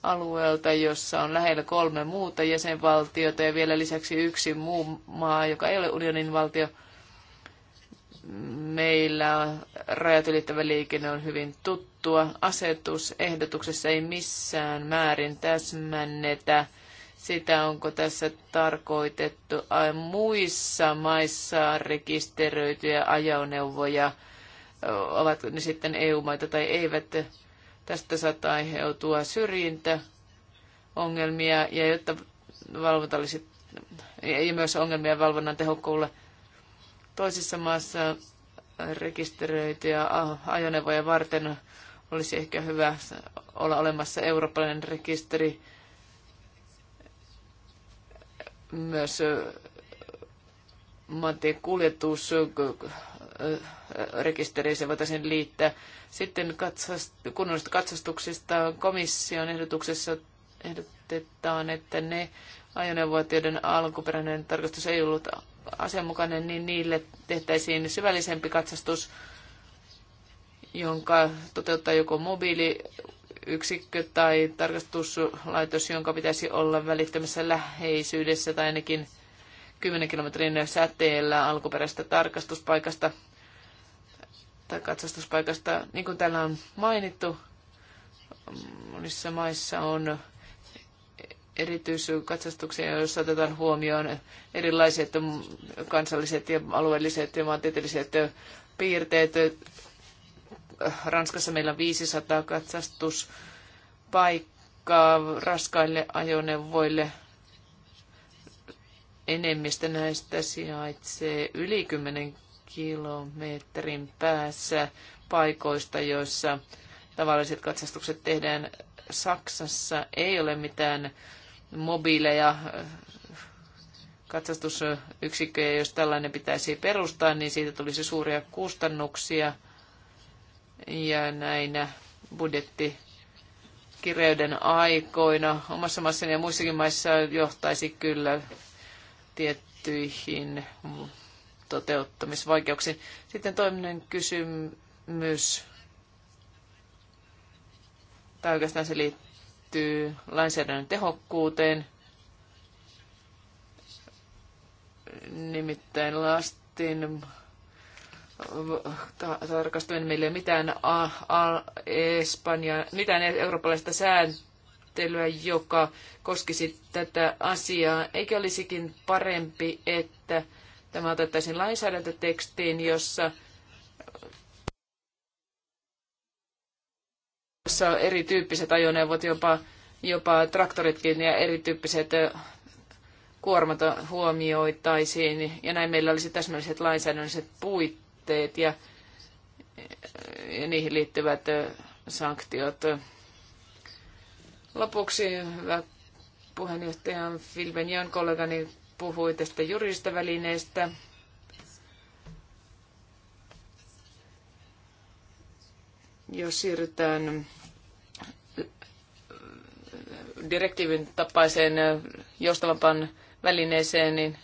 alueelta, jossa on lähellä kolme muuta jäsenvaltiota ja vielä lisäksi yksi muu maa, joka ei ole unionin valtio. Meillä rajat ylittävä liikenne on hyvin tuttua. Asetusehdotuksessa ei missään määrin täsmännetä sitä, onko tässä tarkoitettu muissa maissa rekisteröityjä ajoneuvoja, ovatko ne sitten EU-maita tai eivät. Tästä saattaa aiheutua syrjintä, ongelmia ja jotta valvonta olisi, ei myös ongelmia valvonnan tehokkuudelle. Toisessa maassa rekisteröityjä ajoneuvoja varten olisi ehkä hyvä olla olemassa eurooppalainen rekisteri, myös maantien kuljetusrekisteriin voitaisiin liittää. Sitten kunnollisista katsastuksista komission ehdotuksessa ehdotetaan, että ne ajoneuvot, joiden alkuperäinen tarkastus ei ollut asianmukainen, niin niille tehtäisiin syvällisempi katsastus, jonka toteuttaa joko mobiili yksikkö tai tarkastuslaitos, jonka pitäisi olla välittömässä läheisyydessä tai ainakin 10 kilometrin säteellä alkuperäisestä tarkastuspaikasta tai katsastuspaikasta. Niin kuin täällä on mainittu, monissa maissa on erityiskatsastuksia, joissa otetaan huomioon erilaiset kansalliset ja alueelliset ja maantieteelliset piirteet Ranskassa meillä 500 katsastuspaikkaa raskaille ajoneuvoille. Enemmistö näistä sijaitsee yli 10 kilometrin päässä paikoista, joissa tavalliset katsastukset tehdään. Saksassa ei ole mitään mobiileja katsastusyksikköjä, jos tällainen pitäisi perustaa, niin siitä tulisi suuria kustannuksia ja näinä budjettikireyden aikoina omassa maassani ja muissakin maissa johtaisi kyllä tiettyihin toteuttamisvaikeuksiin. Sitten toinen kysymys, tai oikeastaan se liittyy lainsäädännön tehokkuuteen, nimittäin lasten tarkastuen meillä ei ole mitään, a, a, Espanja, mitään eurooppalaista sääntelyä, joka koskisi tätä asiaa. Eikä olisikin parempi, että tämä otettaisiin lainsäädäntötekstiin, jossa jossa erityyppiset ajoneuvot, jopa, jopa traktoritkin ja erityyppiset kuormat huomioitaisiin, ja näin meillä olisi täsmälliset lainsäädännölliset puitteet velvoitteet ja, ja niihin liittyvät sanktiot. Lopuksi hyvä puheenjohtaja Filvenjan kollegani puhui tästä juridista välineestä. Jos siirrytään direktiivin tapaiseen joustavampaan välineeseen, niin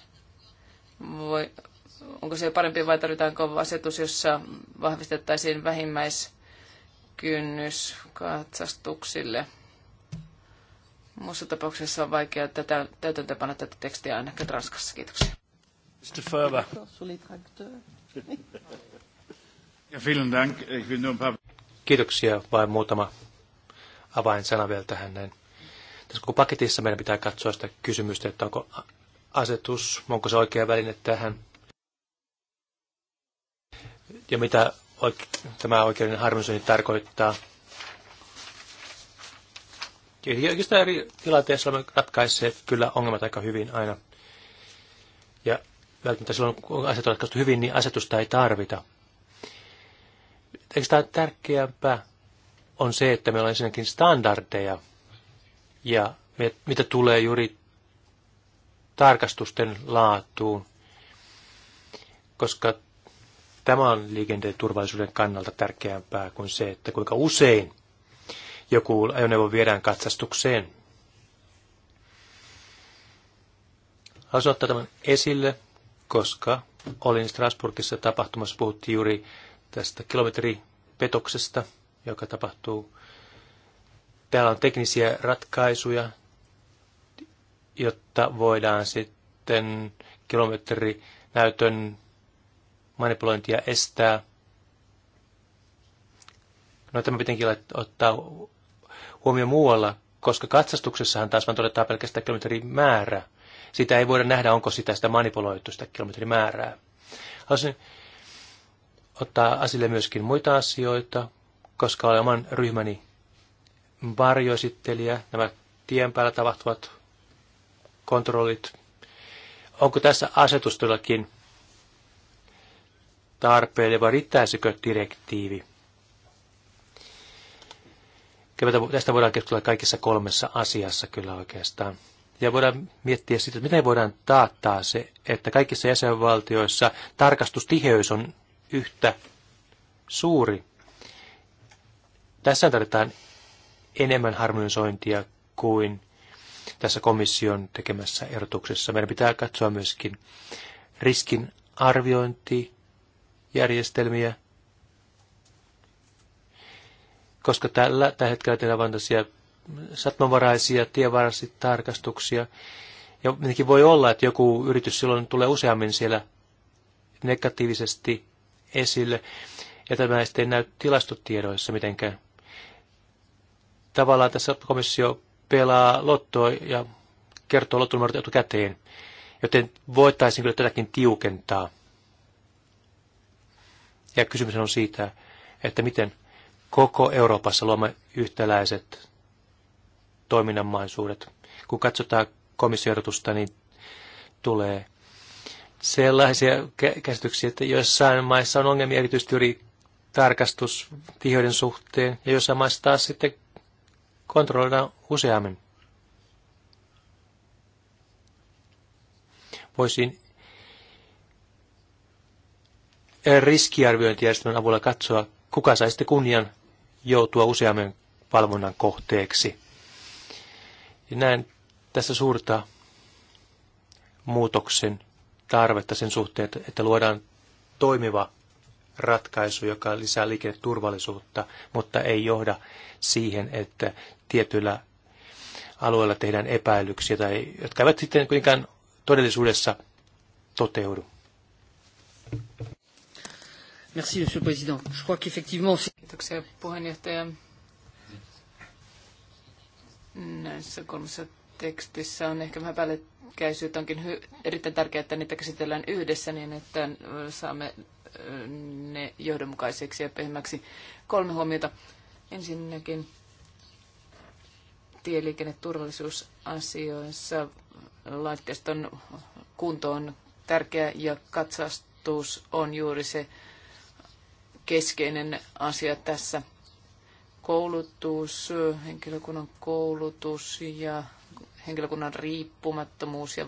voi, onko se parempi vai tarvitaanko asetus, jossa vahvistettaisiin vähimmäiskynnys katsastuksille? Muussa tapauksessa on vaikea tätä, täytäntöpanna tätä tekstiä ainakin Ranskassa. Kiitoksia. Kiitoksia. Vain muutama avainsana vielä tähän näin. Tässä koko paketissa meidän pitää katsoa sitä kysymystä, että onko asetus, onko se oikea väline tähän – ja mitä oike- tämä oikeuden harmonisointi tarkoittaa. Ja oikeastaan eri tilanteissa olemme ratkaisseet kyllä ongelmat aika hyvin aina. Ja välttämättä silloin, kun asiat on ratkaistu hyvin, niin asetusta ei tarvita. Eikö tämä tärkeämpää on se, että meillä on ensinnäkin standardeja ja mitä tulee juuri tarkastusten laatuun, koska Tämä on liikenteen turvallisuuden kannalta tärkeämpää kuin se, että kuinka usein joku ajoneuvo viedään katsastukseen. Haluaisin ottaa tämän esille, koska olin Strasburgissa tapahtumassa, puhuttiin juuri tästä kilometripetoksesta, joka tapahtuu. Täällä on teknisiä ratkaisuja, jotta voidaan sitten kilometrinäytön manipulointia estää. No tämä pitenkin ottaa huomioon muualla, koska katsastuksessahan taas vain todetaan pelkästään kilometrimäärä. Sitä ei voida nähdä, onko sitä, sitä manipuloitu, sitä kilometrimäärää. Haluaisin ottaa asille myöskin muita asioita, koska olen oman ryhmäni varjoesittelijä, nämä tien päällä tapahtuvat kontrollit. Onko tässä asetus todellakin tarpeelle vai riittäisikö direktiivi? Kyllä tästä voidaan keskustella kaikissa kolmessa asiassa kyllä oikeastaan. Ja voidaan miettiä sitä, että miten voidaan taattaa se, että kaikissa jäsenvaltioissa tarkastustiheys on yhtä suuri. Tässä tarvitaan enemmän harmonisointia kuin tässä komission tekemässä erotuksessa. Meidän pitää katsoa myöskin riskin arviointi, järjestelmiä, koska tällä, tällä hetkellä tehdään vain tosia satmanvaraisia, tienvaraisia tarkastuksia. Ja mitenkin voi olla, että joku yritys silloin tulee useammin siellä negatiivisesti esille, ja tämä ei sitten näy tilastotiedoissa mitenkään. Tavallaan tässä komissio pelaa lottoa ja kertoo lottonumerot etukäteen, joten voitaisiin kyllä tätäkin tiukentaa. Ja kysymys on siitä, että miten koko Euroopassa luomme yhtäläiset toiminnan mahdollisuudet. Kun katsotaan komissioehdotusta, niin tulee sellaisia käsityksiä, että joissain maissa on ongelmia erityisesti yli tihoiden suhteen, ja joissain maissa taas sitten kontrolloidaan useammin. Voisin riskiarviointijärjestelmän avulla katsoa, kuka sai sitten kunnian joutua useamman valvonnan kohteeksi. Ja näen tässä suurta muutoksen tarvetta sen suhteen, että luodaan toimiva ratkaisu, joka lisää liikenneturvallisuutta, mutta ei johda siihen, että tietyillä alueilla tehdään epäilyksiä, tai, jotka eivät sitten kuitenkaan todellisuudessa toteudu. Merci, monsieur le président. Je crois qu'effectivement... Kiitoksia puheenjohtaja. Näissä kolmessa tekstissä on ehkä vähän päällekkäisyyttä. Onkin hy- erittäin tärkeää, että niitä käsitellään yhdessä niin, että saamme ne johdonmukaiseksi ja pehmäksi. Kolme huomiota. Ensinnäkin tieliikenneturvallisuusasioissa laitteiston kunto on tärkeä ja katsastus on juuri se keskeinen asia tässä. Koulutus, henkilökunnan koulutus ja henkilökunnan riippumattomuus ja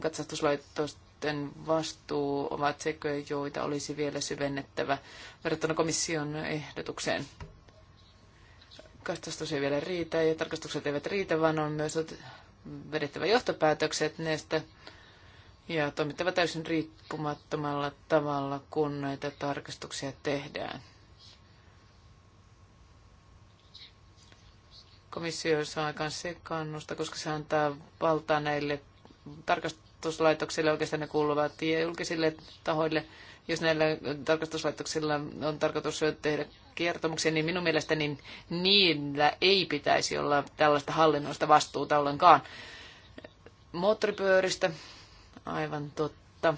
katsastuslaitosten vastuu ovat seköjä, joita olisi vielä syvennettävä verrattuna komission ehdotukseen. Katsastus ei vielä riitä ja tarkastukset eivät riitä, vaan on myös vedettävä johtopäätökset näistä ja toimittava täysin riippumattomalla tavalla, kun näitä tarkastuksia tehdään. Komissio saa aikaan sekannusta, koska se antaa valtaa näille tarkastuslaitoksille, oikeastaan ne kuuluvat julkisille tahoille. Jos näillä tarkastuslaitoksilla on tarkoitus tehdä kertomuksia, niin minun mielestäni niillä ei pitäisi olla tällaista hallinnoista vastuuta ollenkaan. Moottoripyöristä Aivan totta.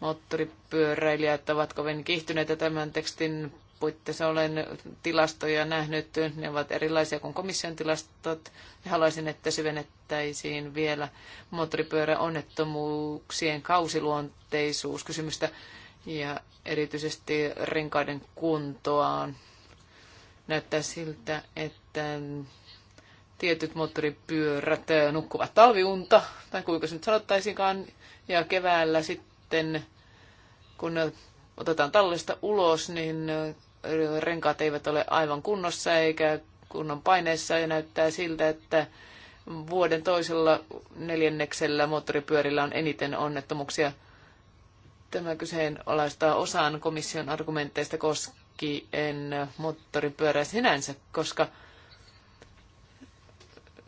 Moottoripyöräilijät ovat kovin kiihtyneitä tämän tekstin puitteissa. Olen tilastoja nähnyt. Ne ovat erilaisia kuin komission tilastot. Ja haluaisin, että syvennettäisiin vielä moottoripyöräonnettomuuksien kausiluonteisuuskysymystä ja erityisesti renkaiden kuntoaan. Näyttää siltä, että tietyt moottoripyörät nukkuvat talviunta, tai kuinka se nyt sanottaisiinkaan, ja keväällä sitten, kun otetaan tallesta ulos, niin renkaat eivät ole aivan kunnossa eikä kunnon paineessa ja näyttää siltä, että vuoden toisella neljänneksellä moottoripyörillä on eniten onnettomuuksia. Tämä kyseenalaistaa osan komission argumenteista koskien moottoripyörää sinänsä, koska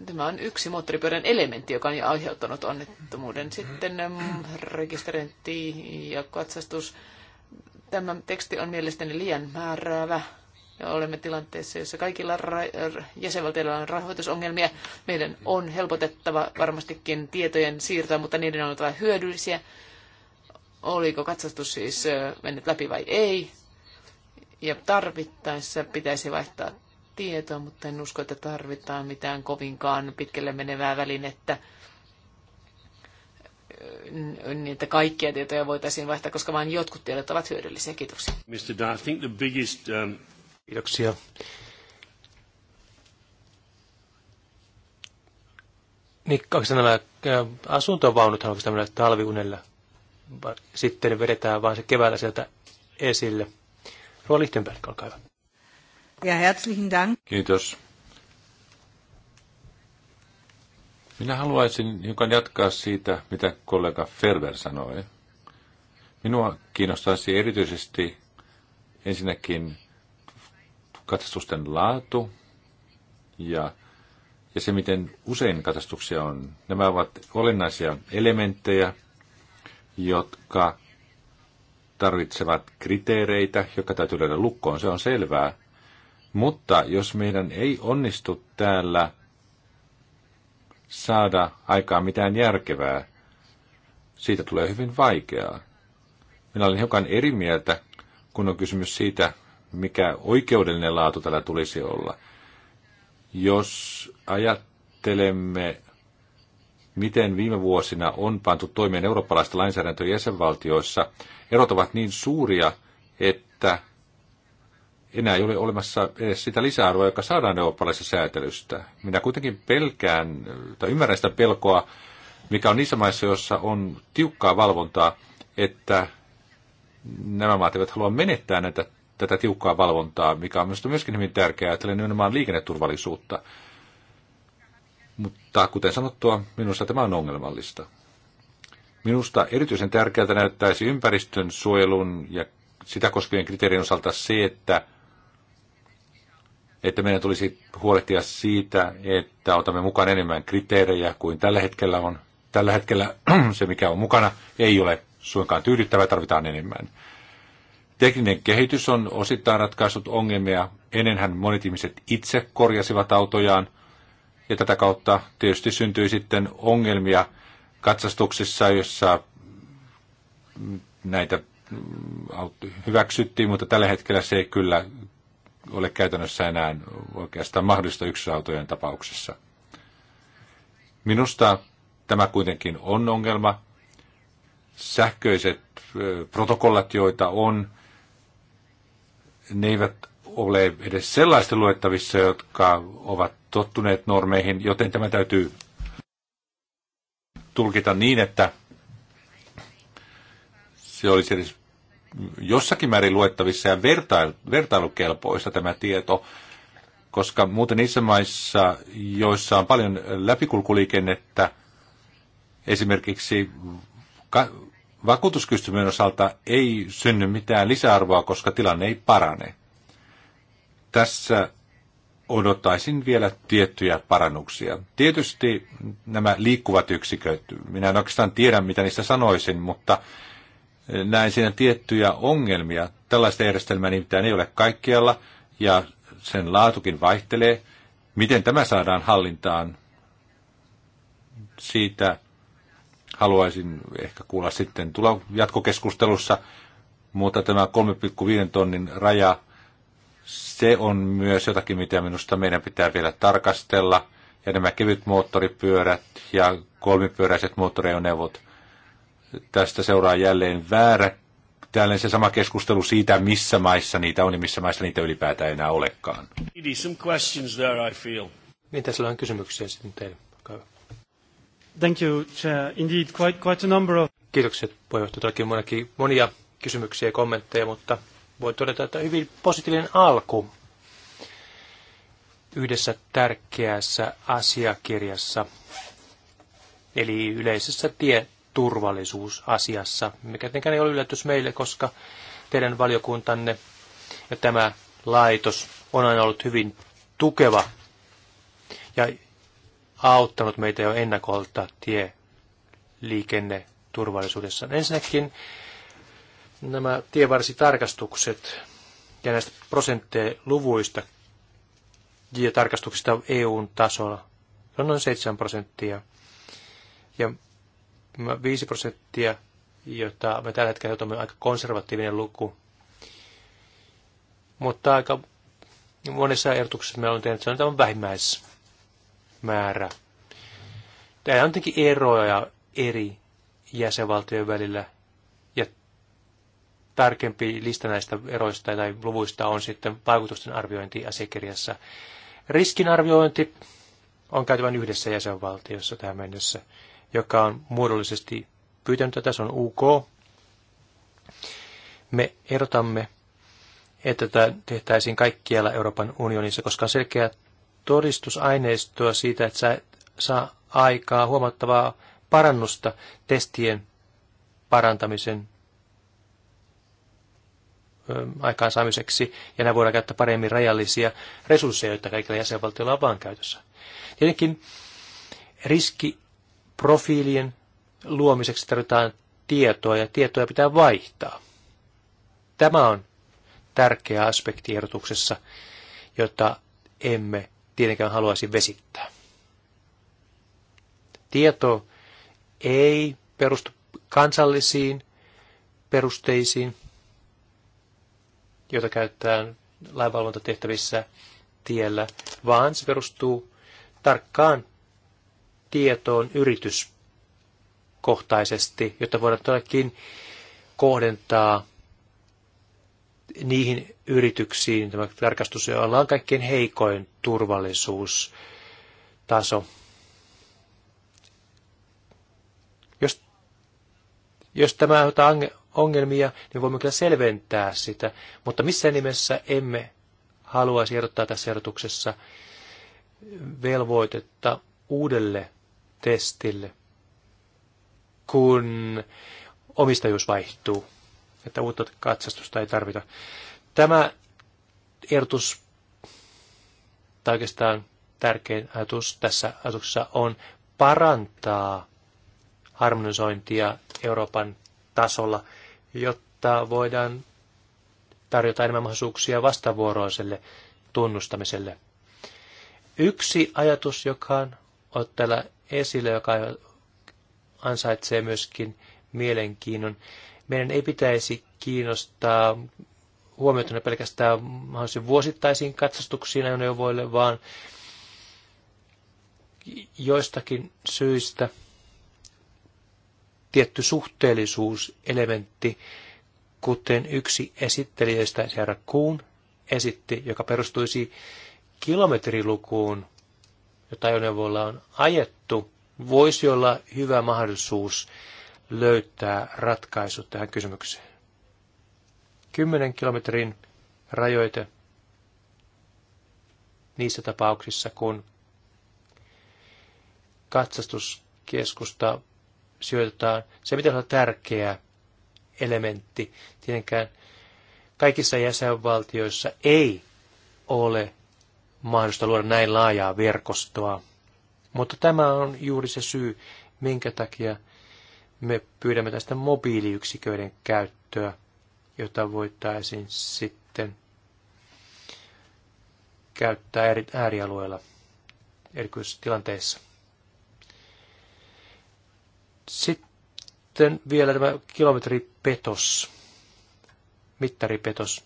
tämä on yksi moottoripyörän elementti, joka on jo aiheuttanut onnettomuuden. Sitten mm, rekisteröinti ja katsastus. Tämä teksti on mielestäni liian määräävä. Ja olemme tilanteessa, jossa kaikilla ra- jäsenvaltioilla on rahoitusongelmia. Meidän on helpotettava varmastikin tietojen siirtoa, mutta niiden on oltava hyödyllisiä. Oliko katsastus siis mennyt läpi vai ei? Ja tarvittaessa pitäisi vaihtaa tietoa, mutta en usko, että tarvitaan mitään kovinkaan pitkälle menevää välinettä niin, että kaikkia tietoja voitaisiin vaihtaa, koska vain jotkut tiedot ovat hyödyllisiä. Kiitoksia. Mr. Dunn, I think the biggest, um... Kiitoksia. Niin, onko nämä äh, asuntovaunut, onko tämmöinen talviunella? Sitten vedetään vain se keväällä sieltä esille. Ruo Lichtenberg, olkaa hyvä. Ja herzlichen Dank. Kiitos. Minä haluaisin hiukan jatkaa siitä, mitä kollega Ferber sanoi. Minua kiinnostaisi erityisesti ensinnäkin katsastusten laatu ja, ja se, miten usein katsastuksia on. Nämä ovat olennaisia elementtejä, jotka tarvitsevat kriteereitä, jotka täytyy löydä lukkoon. Se on selvää. Mutta jos meidän ei onnistu täällä saada aikaa mitään järkevää, siitä tulee hyvin vaikeaa. Minä olen hiukan eri mieltä, kun on kysymys siitä, mikä oikeudellinen laatu tällä tulisi olla. Jos ajattelemme, miten viime vuosina on pantu toimeen eurooppalaista lainsäädäntöä jäsenvaltioissa, erot ovat niin suuria, että enää ei ole olemassa edes sitä lisäarvoa, joka saadaan eurooppalaisesta säätelystä. Minä kuitenkin pelkään, tai ymmärrän sitä pelkoa, mikä on niissä maissa, joissa on tiukkaa valvontaa, että nämä maat eivät halua menettää näitä, tätä tiukkaa valvontaa, mikä on minusta myöskin hyvin tärkeää, ajatellen nimenomaan liikenneturvallisuutta. Mutta kuten sanottua, minusta tämä on ongelmallista. Minusta erityisen tärkeältä näyttäisi ympäristön suojelun ja sitä koskevien kriteerien osalta se, että että meidän tulisi huolehtia siitä, että otamme mukaan enemmän kriteerejä kuin tällä hetkellä on. Tällä hetkellä se, mikä on mukana, ei ole suinkaan tyydyttävä tarvitaan enemmän. Tekninen kehitys on osittain ratkaissut ongelmia. Ennenhän monet ihmiset itse korjasivat autojaan, ja tätä kautta tietysti syntyi sitten ongelmia katsastuksissa, jossa näitä mm, hyväksyttiin, mutta tällä hetkellä se kyllä ole käytännössä enää oikeastaan mahdollista yksilöautojen tapauksessa. Minusta tämä kuitenkin on ongelma. Sähköiset protokollat, joita on, ne eivät ole edes sellaista luettavissa, jotka ovat tottuneet normeihin, joten tämä täytyy tulkita niin, että se olisi edes jossakin määrin luettavissa ja vertail- vertailukelpoista tämä tieto, koska muuten niissä maissa, joissa on paljon läpikulkuliikennettä, esimerkiksi ka- vakuutuskysymyksen osalta ei synny mitään lisäarvoa, koska tilanne ei parane. Tässä odottaisin vielä tiettyjä parannuksia. Tietysti nämä liikkuvat yksiköt, minä en oikeastaan tiedä mitä niistä sanoisin, mutta näen siinä tiettyjä ongelmia. Tällaista järjestelmää nimittäin ei ole kaikkialla ja sen laatukin vaihtelee. Miten tämä saadaan hallintaan? Siitä haluaisin ehkä kuulla sitten tulla jatkokeskustelussa, mutta tämä 3,5 tonnin raja, se on myös jotakin, mitä minusta meidän pitää vielä tarkastella. Ja nämä kevyt moottoripyörät ja kolmipyöräiset moottoriajoneuvot, tästä seuraa jälleen väärä, jälleen se sama keskustelu siitä, missä maissa niitä on ja missä maissa niitä ylipäätään enää olekaan. Niin, tässä on kysymyksiä sitten teille. Thank you, Chair. Indeed, quite, quite a number of... Kiitokset puheenjohtaja. Todellakin monakin, monia kysymyksiä ja kommentteja, mutta voi todeta, että hyvin positiivinen alku yhdessä tärkeässä asiakirjassa, eli yleisessä tie- turvallisuusasiassa, mikä tietenkään ei ole yllätys meille, koska teidän valiokuntanne ja tämä laitos on aina ollut hyvin tukeva ja auttanut meitä jo ennakolta tie turvallisuudessa. Ensinnäkin nämä tievarsitarkastukset ja näistä prosentteluvuista ja tarkastuksista EUn tasolla on noin 7 prosenttia. Ja 5 prosenttia, jota me tällä hetkellä otamme aika konservatiivinen luku. Mutta aika monessa ehdotuksessa me on tehnyt, että se on tämä vähimmäismäärä. Tämä on tietenkin eroja eri jäsenvaltiojen välillä. Ja tarkempi lista näistä eroista tai luvuista on sitten vaikutusten arviointi asiakirjassa. Riskinarviointi on käytävän yhdessä jäsenvaltiossa tähän mennessä joka on muodollisesti pyytänyt tätä, se on UK. Me erotamme, että tätä tehtäisiin kaikkialla Euroopan unionissa, koska on selkeä todistusaineistoa siitä, että sä saa aikaa huomattavaa parannusta testien parantamisen aikaansaamiseksi, ja nämä voidaan käyttää paremmin rajallisia resursseja, joita kaikilla jäsenvaltioilla on vaan käytössä. Tietenkin riski profiilien luomiseksi tarvitaan tietoa ja tietoja pitää vaihtaa. Tämä on tärkeä aspekti ehdotuksessa, jota emme tietenkään haluaisi vesittää. Tieto ei perustu kansallisiin perusteisiin, joita käytetään lainvalvontatehtävissä tiellä, vaan se perustuu tarkkaan tietoon yrityskohtaisesti, jotta voidaan todellakin kohdentaa niihin yrityksiin tämä tarkastus, joilla on kaikkein heikoin turvallisuustaso. Jos, jos tämä aiheuttaa ongelmia, niin voimme kyllä selventää sitä, mutta missään nimessä emme haluaisi erottaa tässä erotuksessa velvoitetta uudelle testille, kun omistajuus vaihtuu, että uutta katsastusta ei tarvita. Tämä ehdotus, tai oikeastaan tärkein ajatus tässä ajatuksessa on parantaa harmonisointia Euroopan tasolla, jotta voidaan tarjota enemmän mahdollisuuksia vastavuoroiselle tunnustamiselle. Yksi ajatus, joka on täällä esille, joka ansaitsee myöskin mielenkiinnon. Meidän ei pitäisi kiinnostaa huomioituna pelkästään mahdollisen vuosittaisiin katsastuksiin ajoneuvoille, vaan joistakin syistä tietty suhteellisuuselementti, kuten yksi esittelijöistä Sarah Kuhn esitti, joka perustuisi kilometrilukuun jota ajoneuvoilla on ajettu, voisi olla hyvä mahdollisuus löytää ratkaisu tähän kysymykseen. 10 kilometrin rajoite niissä tapauksissa, kun katsastuskeskusta sijoitetaan. Se pitää olla tärkeä elementti. Tietenkään kaikissa jäsenvaltioissa ei ole mahdollista luoda näin laajaa verkostoa. Mutta tämä on juuri se syy, minkä takia me pyydämme tästä mobiiliyksiköiden käyttöä, jota voitaisiin sitten käyttää eri, äärialueilla tilanteissa. Sitten vielä tämä kilometripetos, mittaripetos.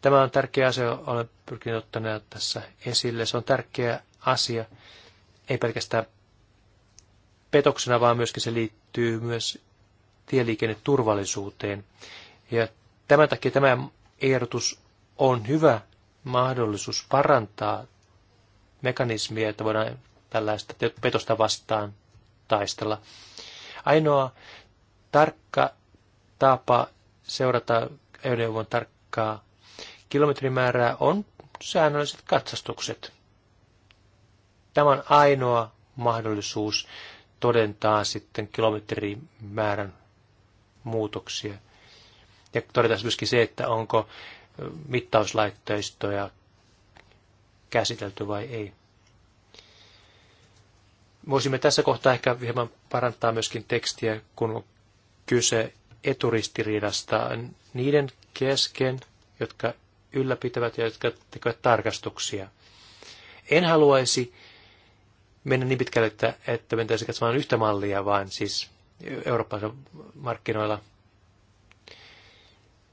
Tämä on tärkeä asia, olen pyrkinyt ottaneet tässä esille. Se on tärkeä asia, ei pelkästään petoksena, vaan myöskin se liittyy myös tieliikenneturvallisuuteen. Ja tämän takia tämä ehdotus on hyvä mahdollisuus parantaa mekanismia, että voidaan tällaista petosta vastaan taistella. Ainoa tarkka tapa seurata ajoneuvon tarkkaa kilometrimäärää on säännölliset katsastukset. Tämä on ainoa mahdollisuus todentaa sitten kilometrimäärän muutoksia. Ja todetaan myöskin se, että onko mittauslaitteistoja käsitelty vai ei. Voisimme tässä kohtaa ehkä hieman parantaa myöskin tekstiä, kun on kyse eturistiriidasta niiden kesken, jotka ylläpitävät ja jotka tekevät tarkastuksia. En haluaisi mennä niin pitkälle, että, että mentäisiin katsomaan yhtä mallia, vaan siis Euroopan markkinoilla.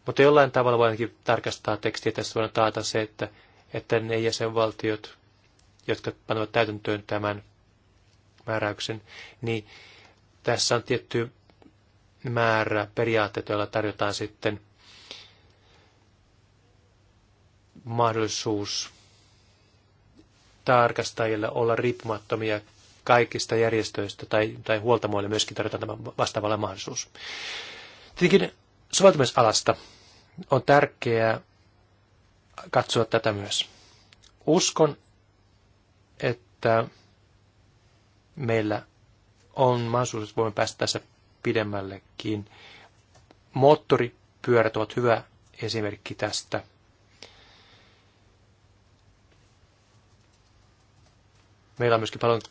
Mutta jollain tavalla voidaankin tarkastaa tekstiä. Tässä voidaan taata se, että, että ne jäsenvaltiot, jotka panevat täytäntöön tämän määräyksen, niin tässä on tietty määrä periaatteita, joilla tarjotaan sitten mahdollisuus tarkastajille olla riippumattomia kaikista järjestöistä tai, tai huoltamoille myöskin tarjotaan tämä vastaavalla mahdollisuus. Tietenkin soveltamisalasta on tärkeää katsoa tätä myös. Uskon, että meillä on mahdollisuus, että voimme päästä tässä pidemmällekin. Moottoripyörät ovat hyvä esimerkki tästä – Meillä on myöskin paljon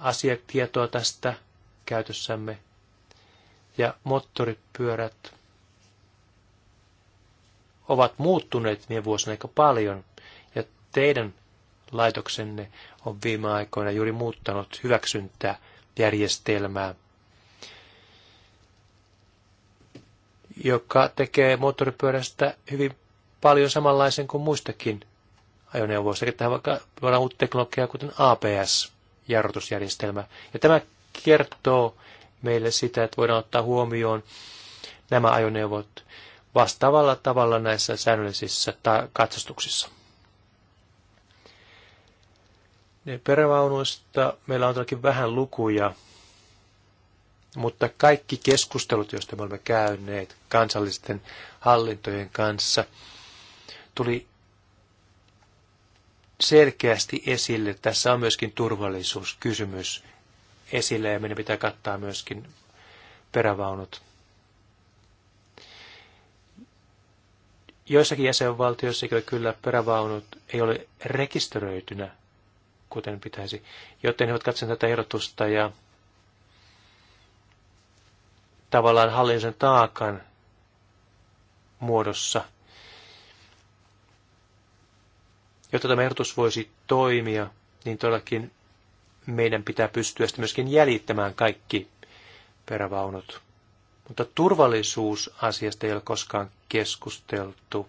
asiatietoa tästä käytössämme. Ja moottoripyörät ovat muuttuneet viime vuosina aika paljon. Ja teidän laitoksenne on viime aikoina juuri muuttanut hyväksyntäjärjestelmää, joka tekee moottoripyörästä hyvin paljon samanlaisen kuin muistakin ajoneuvoista, tähän vaikka voidaan uutta teknologiaa, kuten APS-jarrutusjärjestelmä. Ja tämä kertoo meille sitä, että voidaan ottaa huomioon nämä ajoneuvot vastaavalla tavalla näissä säännöllisissä katsastuksissa. Perävaunuista meillä on todellakin vähän lukuja, mutta kaikki keskustelut, joista me olemme käyneet kansallisten hallintojen kanssa, tuli selkeästi esille. Tässä on myöskin turvallisuuskysymys esille ja meidän pitää kattaa myöskin perävaunut. Joissakin jäsenvaltioissa kyllä perävaunut ei ole rekisteröitynä, kuten pitäisi, joten he ovat katsoneet tätä ehdotusta ja tavallaan hallinnollisen taakan muodossa – Jotta tämä ehdotus voisi toimia, niin todellakin meidän pitää pystyä sitten myöskin jäljittämään kaikki perävaunut. Mutta turvallisuusasiasta ei ole koskaan keskusteltu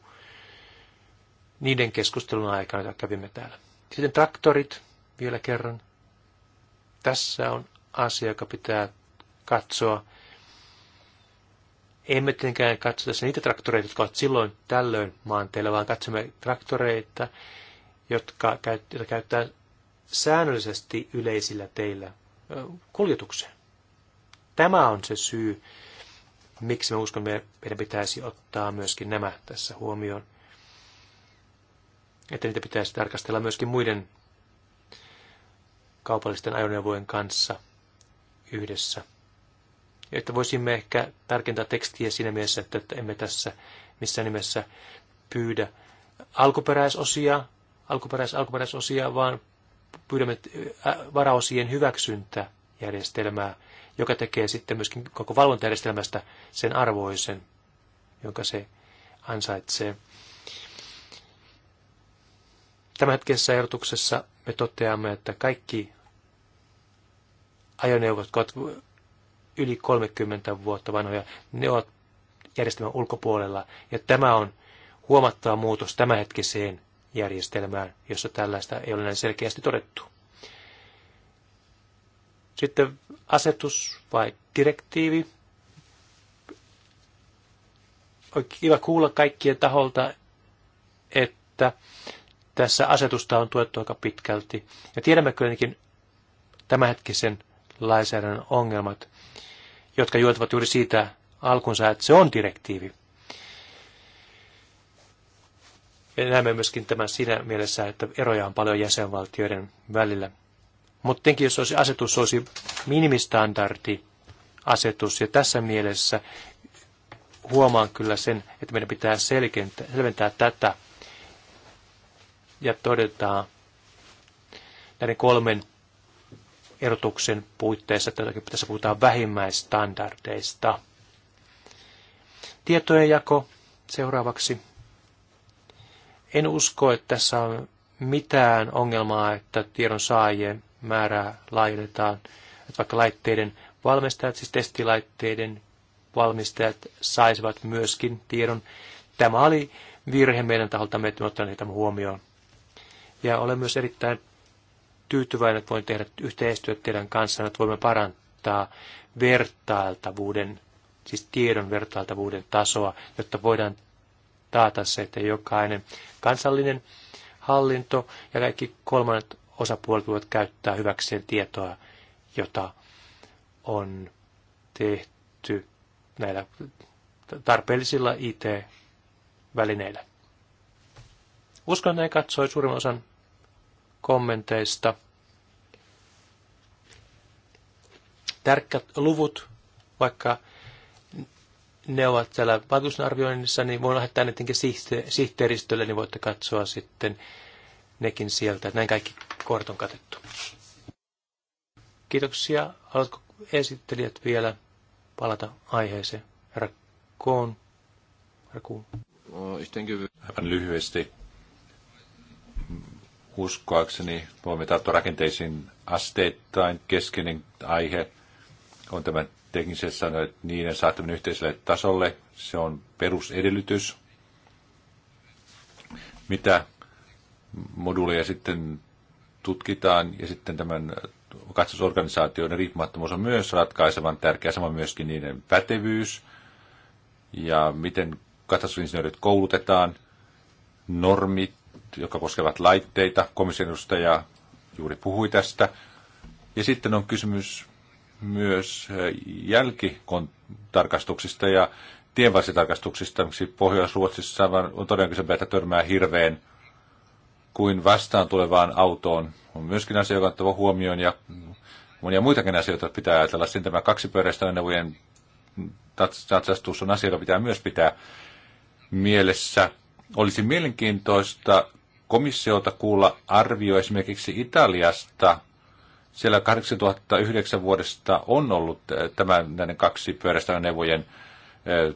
niiden keskustelun aikana, jota kävimme täällä. Sitten traktorit vielä kerran. Tässä on asia, joka pitää katsoa. Emme tietenkään katso tässä niitä traktoreita, jotka ovat silloin tällöin maanteilla, vaan katsomme traktoreita, jotka käyttää säännöllisesti yleisillä teillä kuljetukseen. Tämä on se syy, miksi me uskon, että meidän pitäisi ottaa myöskin nämä tässä huomioon. Että niitä pitäisi tarkastella myöskin muiden kaupallisten ajoneuvojen kanssa yhdessä. Että voisimme ehkä tarkentaa tekstiä siinä mielessä, että emme tässä missään nimessä pyydä alkuperäisosia alkuperäis, alkuperäisosia, vaan pyydämme äh, varaosien hyväksyntäjärjestelmää, joka tekee sitten myöskin koko valvontajärjestelmästä sen arvoisen, jonka se ansaitsee. hetkessä ehdotuksessa me toteamme, että kaikki ajoneuvot, jotka ovat yli 30 vuotta vanhoja, ne ovat järjestelmän ulkopuolella. Ja tämä on huomattava muutos tämänhetkiseen järjestelmää, jossa tällaista ei ole näin selkeästi todettu. Sitten asetus vai direktiivi. On kiva kuulla kaikkien taholta, että tässä asetusta on tuettu aika pitkälti. Ja tiedämme kuitenkin tämänhetkisen lainsäädännön ongelmat, jotka juontavat juuri siitä alkunsa, että se on direktiivi. näemme myöskin tämän siinä mielessä, että eroja on paljon jäsenvaltioiden välillä. Mutta tietenkin, jos olisi asetus, olisi minimistandardi asetus, ja tässä mielessä huomaan kyllä sen, että meidän pitää selventää tätä ja todetaan näiden kolmen erotuksen puitteissa, että tässä puhutaan vähimmäistandardeista. jako seuraavaksi. En usko, että tässä on mitään ongelmaa, että tiedon saajien määrää laajennetaan. Että vaikka laitteiden valmistajat, siis testilaitteiden valmistajat saisivat myöskin tiedon. Tämä oli virhe meidän taholtamme, että me ottaneet tämän huomioon. Ja olen myös erittäin tyytyväinen, että voin tehdä yhteistyötä teidän kanssa, että voimme parantaa vertailtavuuden, siis tiedon vertailtavuuden tasoa, jotta voidaan taata se, että jokainen kansallinen hallinto ja kaikki kolmannet osapuolet voivat käyttää hyväkseen tietoa, jota on tehty näillä tarpeellisilla IT-välineillä. Uskon, että näin katsoi suurimman osan kommenteista. Tärkeät luvut, vaikka ne ovat siellä vaikutusarvioinnissa, niin voin lähettää nettenkin sihteeristölle, niin voitte katsoa sitten nekin sieltä. Näin kaikki kort on katettu. Kiitoksia. Haluatko esittelijät vielä palata aiheeseen? Rakkoon. Koon. No, Aivan lyhyesti. Uskoakseni voimme tarttua rakenteisiin asteittain. Keskeinen aihe on tämä teknisessä että niiden saattaminen yhteiselle tasolle, se on perusedellytys. Mitä moduuleja sitten tutkitaan ja sitten tämän katsosorganisaatioiden riippumattomuus on myös ratkaisevan tärkeä, sama myöskin niiden pätevyys ja miten katsausinsinöörit koulutetaan, normit, jotka koskevat laitteita, komission edustaja juuri puhui tästä. Ja sitten on kysymys myös eh, jälkitarkastuksista ja tienvarsitarkastuksista. Pohjois-Ruotsissa on todennäköisempää, että törmää hirveen kuin vastaan tulevaan autoon. On myöskin asia, joka on ottava huomioon ja monia muitakin asioita pitää ajatella. Sitten tämä kaksipyöräistä ajoneuvojen tatsastus on asia, joka pitää myös pitää mielessä. Olisi mielenkiintoista komissiota kuulla arvio esimerkiksi Italiasta siellä 2009 vuodesta on ollut eh, tämä, näiden kaksi pyöräistä neuvojen eh,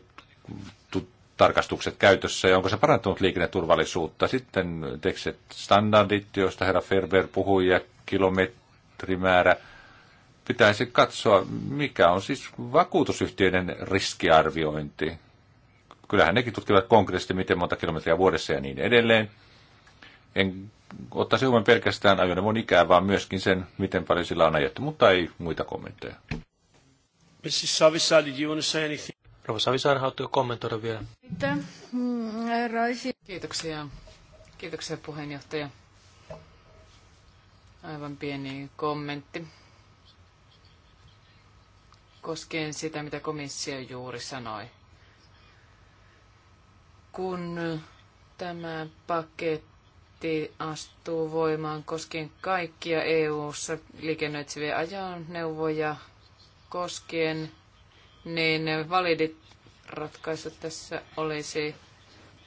tarkastukset käytössä ja onko se parantunut liikenneturvallisuutta. Sitten tekstit standardit, joista herra Ferber puhui ja kilometrimäärä. Pitäisi katsoa, mikä on siis vakuutusyhtiöiden riskiarviointi. Kyllähän nekin tutkivat konkreettisesti, miten monta kilometriä vuodessa ja niin edelleen. En ottaisi huomioon pelkästään ajoneuvon ikää, vaan myöskin sen, miten paljon sillä on ajettu, mutta ei muita kommentteja. Mrs. Savisaar, did you want to say anything? Rova Savisaar, haluatteko kommentoida vielä? Mm, Kiitoksia. Kiitoksia puheenjohtaja. Aivan pieni kommentti koskien sitä, mitä komissio juuri sanoi. Kun tämä paketti direktiivi astuu voimaan koskien kaikkia EU-ssa liikennöitseviä ajoneuvoja koskien, niin validit ratkaisut tässä olisi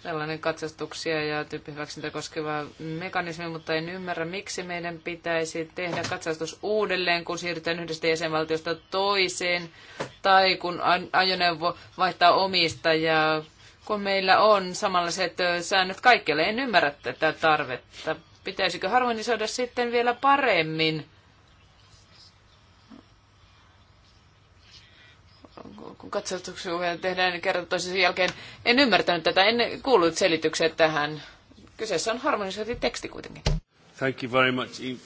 tällainen katsastuksia ja tyyppihyväksyntä koskeva mekanismi, mutta en ymmärrä, miksi meidän pitäisi tehdä katsastus uudelleen, kun siirrytään yhdestä jäsenvaltiosta toiseen, tai kun ajoneuvo vaihtaa omistajaa kun meillä on samanlaiset säännöt kaikille. En ymmärrä tätä tarvetta. Pitäisikö harmonisoida sitten vielä paremmin? kun katsotuksia tehdään niin kerta toisensa jälkeen. En ymmärtänyt tätä, en kuullut selitykseen tähän. Kyseessä on harmonisoitu teksti kuitenkin. Thank you very much. I...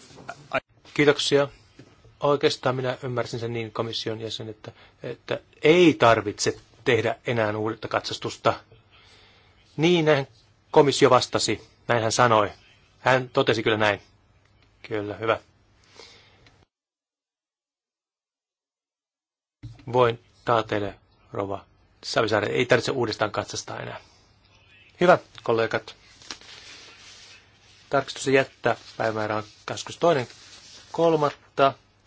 Kiitoksia. Oikeastaan minä ymmärsin sen niin komission jäsen, että, että ei tarvitse tehdä enää uudetta katsastusta niin, näin komissio vastasi. Näin hän sanoi. Hän totesi kyllä näin. Kyllä, hyvä. Voin taata teille, Rova Savisaari. Ei tarvitse uudestaan katsastaa enää. Hyvä, kollegat. Tarkistus jättää päivämäärä on 22.3.,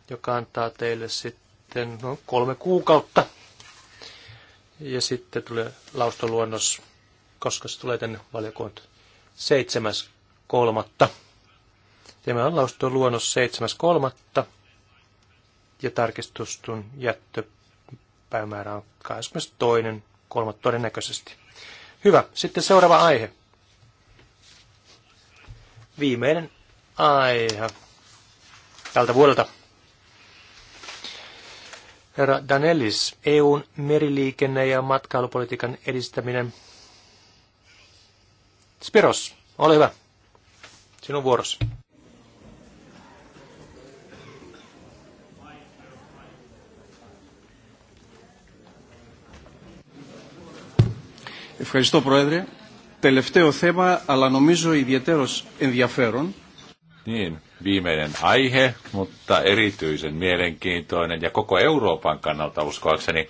joka antaa teille sitten noin kolme kuukautta. Ja sitten tulee laustoluonnos koska se tulee tänne valiokunta 7.3. Tämä on lausunnon luonnos 7.3. Ja tarkistustun jättöpäivämäärä on 22.3. todennäköisesti. Hyvä. Sitten seuraava aihe. Viimeinen aihe tältä vuodelta. Herra Danelis, EUn meriliikenne- ja matkailupolitiikan edistäminen – Spiros, ole hyvä. Sinun vuorosi. Ευχαριστώ Πρόεδρε. Τελευταίο θέμα, αλλά νομίζω ιδιαίτερος ενδιαφέρον. Niin, viimeinen aihe, mutta erityisen mielenkiintoinen ja koko Euroopan kannalta uskoakseni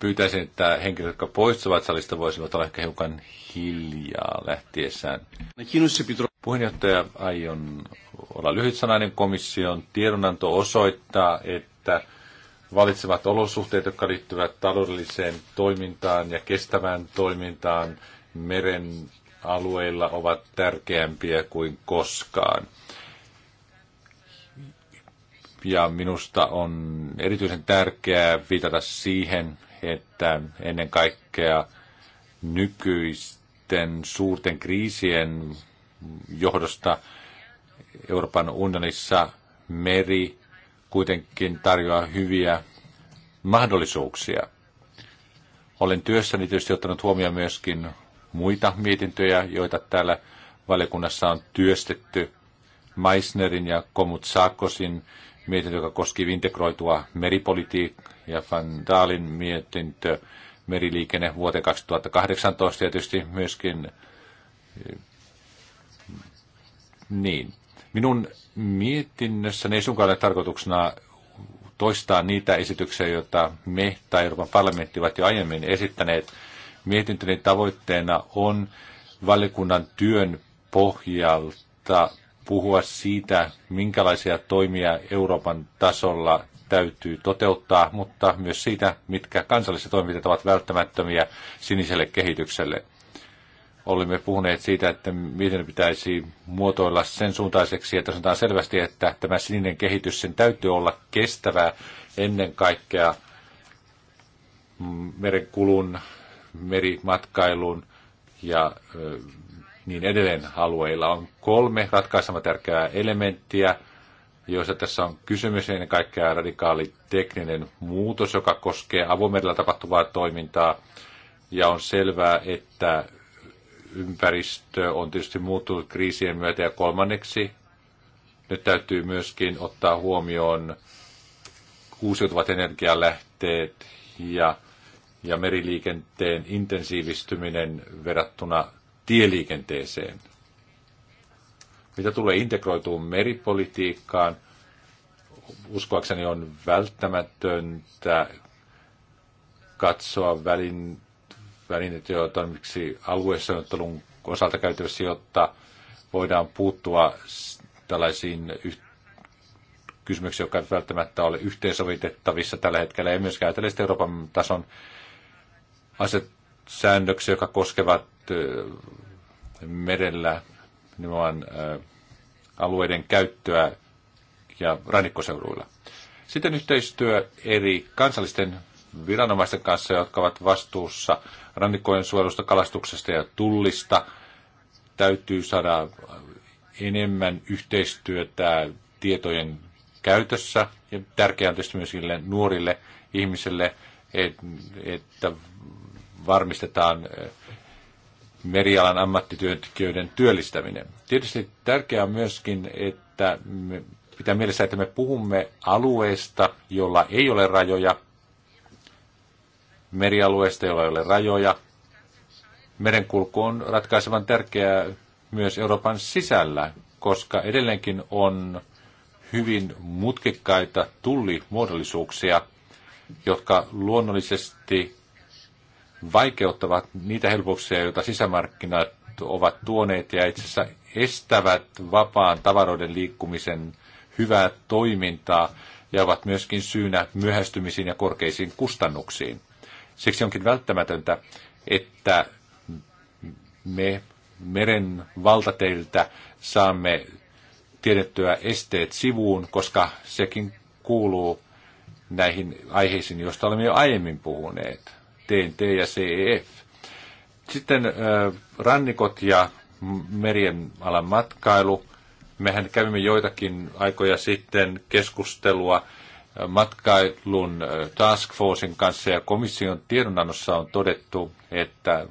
Pyytäisin, että henkilöt, jotka poistuvat salista, voisivat olla ehkä hiukan hiljaa lähtiessään. Puheenjohtaja, aion olla lyhytsanainen komission tiedonanto osoittaa, että valitsevat olosuhteet, jotka liittyvät taloudelliseen toimintaan ja kestävään toimintaan meren alueilla ovat tärkeämpiä kuin koskaan. Ja minusta on erityisen tärkeää viitata siihen, että ennen kaikkea nykyisten suurten kriisien johdosta Euroopan unionissa meri kuitenkin tarjoaa hyviä mahdollisuuksia. Olen työssäni tietysti ottanut huomioon myöskin muita mietintöjä, joita täällä valiokunnassa on työstetty. Meissnerin ja Komut Saakosin mietintö, joka koski integroitua meripolitiikkaa ja Van Dalin mietintö meriliikenne vuoteen 2018 tietysti myöskin. Niin. Minun mietinnössäni ei sunkaan ole tarkoituksena toistaa niitä esityksiä, joita me tai Euroopan parlamentti ovat jo aiemmin esittäneet. Mietintöni tavoitteena on valiokunnan työn pohjalta puhua siitä, minkälaisia toimia Euroopan tasolla täytyy toteuttaa, mutta myös siitä, mitkä kansalliset toimenpiteet ovat välttämättömiä siniselle kehitykselle. Olemme puhuneet siitä, että miten pitäisi muotoilla sen suuntaiseksi, että sanotaan selvästi, että tämä sininen kehitys, sen täytyy olla kestävää ennen kaikkea merenkulun, merimatkailun ja niin edelleen alueilla. On kolme ratkaisema tärkeää elementtiä – joissa tässä on kysymys ennen kaikkea radikaali tekninen muutos, joka koskee avomerellä tapahtuvaa toimintaa. Ja on selvää, että ympäristö on tietysti muuttunut kriisien myötä ja kolmanneksi nyt täytyy myöskin ottaa huomioon uusiutuvat energialähteet ja, ja meriliikenteen intensiivistyminen verrattuna tieliikenteeseen. Mitä tulee integroituun meripolitiikkaan, uskoakseni on välttämätöntä katsoa välin, välineitä, joita on aluesuunnittelun osalta käytössä, jotta voidaan puuttua tällaisiin yhteyksiin kysymyksiä, jotka eivät välttämättä ole yhteensovitettavissa tällä hetkellä, ei myöskään ajatella Euroopan tason asesäännöksiä, jotka koskevat merellä nimenomaan alueiden käyttöä ja rannikkoseuduilla. Sitten yhteistyö eri kansallisten viranomaisten kanssa, jotka ovat vastuussa rannikkojen suojelusta, kalastuksesta ja tullista. Täytyy saada enemmän yhteistyötä tietojen käytössä. Ja tärkeää on tietysti myös nuorille ihmisille, että varmistetaan merialan ammattityöntekijöiden työllistäminen. Tietysti tärkeää on myöskin, että me pitää mielessä, että me puhumme alueesta, jolla ei ole rajoja, merialueesta, jolla ei ole rajoja. Merenkulku on ratkaisevan tärkeää myös Euroopan sisällä, koska edelleenkin on hyvin mutkikkaita tullimuodollisuuksia, jotka luonnollisesti vaikeuttavat niitä helpouksia, joita sisämarkkinat ovat tuoneet ja itse asiassa estävät vapaan tavaroiden liikkumisen hyvää toimintaa ja ovat myöskin syynä myöhästymisiin ja korkeisiin kustannuksiin. Siksi onkin välttämätöntä, että me meren valtateiltä saamme tiedettyä esteet sivuun, koska sekin kuuluu näihin aiheisiin, joista olemme jo aiemmin puhuneet. TNT ja CEF. Sitten rannikot ja merien alan matkailu. Mehän kävimme joitakin aikoja sitten keskustelua matkailun task forcein kanssa ja komission tiedonannossa on todettu, että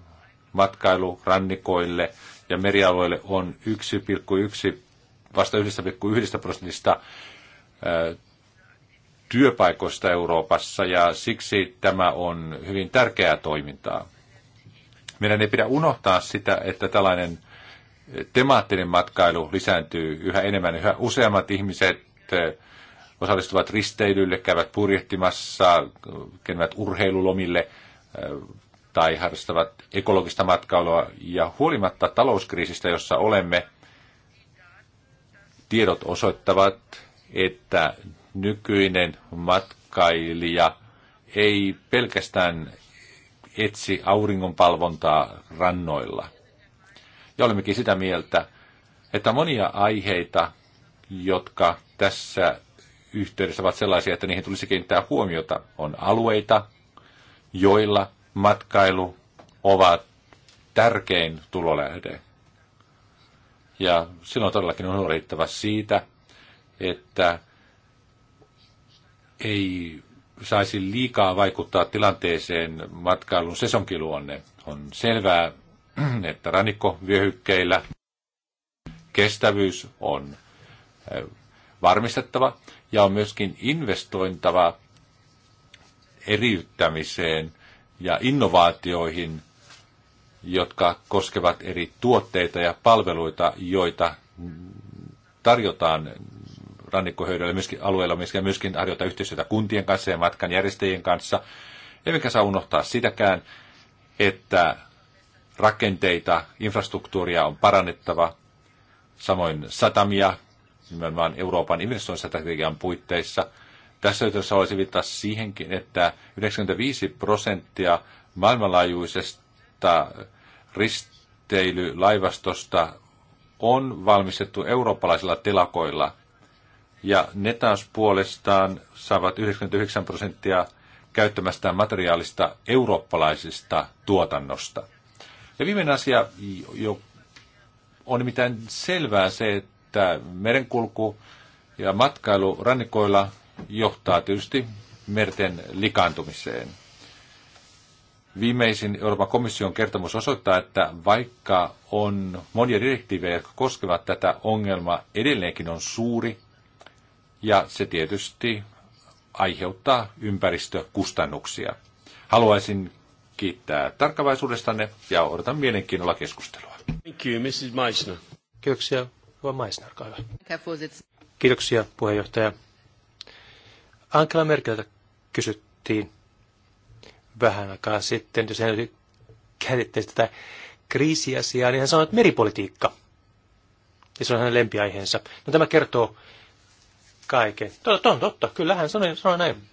matkailu rannikoille ja merialueille on 1,1, vasta 1,1 prosentista työpaikoista Euroopassa ja siksi tämä on hyvin tärkeää toimintaa. Meidän ei pidä unohtaa sitä, että tällainen temaattinen matkailu lisääntyy yhä enemmän. Yhä useammat ihmiset eh, osallistuvat risteilylle, käyvät purjehtimassa, käyvät urheilulomille eh, tai harrastavat ekologista matkailua. Ja huolimatta talouskriisistä, jossa olemme, tiedot osoittavat, että nykyinen matkailija ei pelkästään etsi auringonpalvontaa rannoilla. Ja olemmekin sitä mieltä, että monia aiheita, jotka tässä yhteydessä ovat sellaisia, että niihin tulisi kiinnittää huomiota, on alueita, joilla matkailu ovat tärkein tulolähde. Ja silloin todellakin on huolehdittava siitä, että ei saisi liikaa vaikuttaa tilanteeseen matkailun sesonkiluonne. On selvää, että rannikkovyöhykkeillä kestävyys on varmistettava ja on myöskin investointava eriyttämiseen ja innovaatioihin, jotka koskevat eri tuotteita ja palveluita, joita tarjotaan rannikkohöydöllä myöskin alueella, missä myöskin harjoittaa yhteistyötä kuntien kanssa ja matkan järjestäjien kanssa. Eikä saa unohtaa sitäkään, että rakenteita, infrastruktuuria on parannettava, samoin satamia, nimenomaan Euroopan investointistrategian puitteissa. Tässä yhteydessä olisi viittaa siihenkin, että 95 prosenttia maailmanlaajuisesta risteilylaivastosta on valmistettu eurooppalaisilla telakoilla ja ne taas puolestaan saavat 99 prosenttia käyttämästään materiaalista eurooppalaisesta tuotannosta. Ja viimeinen asia jo on nimittäin selvää se, että merenkulku ja matkailu rannikoilla johtaa tietysti merten likantumiseen. Viimeisin Euroopan komission kertomus osoittaa, että vaikka on monia direktiivejä, jotka koskevat tätä ongelmaa, edelleenkin on suuri ja se tietysti aiheuttaa ympäristökustannuksia. Haluaisin kiittää tarkkavaisuudestanne ja odotan mielenkiinnolla keskustelua. Thank you, Mrs. Meissner. Kiitoksia, hyvä Meissner, hyvä. Kiitoksia, puheenjohtaja. Angela Merkeltä kysyttiin vähän aikaa sitten, jos hän käsitteli tätä kriisiasiaa, niin hän sanoi, että meripolitiikka. Ja se on hänen lempiaiheensa. No tämä kertoo kaiken. Totta, on totta, kyllähän sanoi, sanoi näin.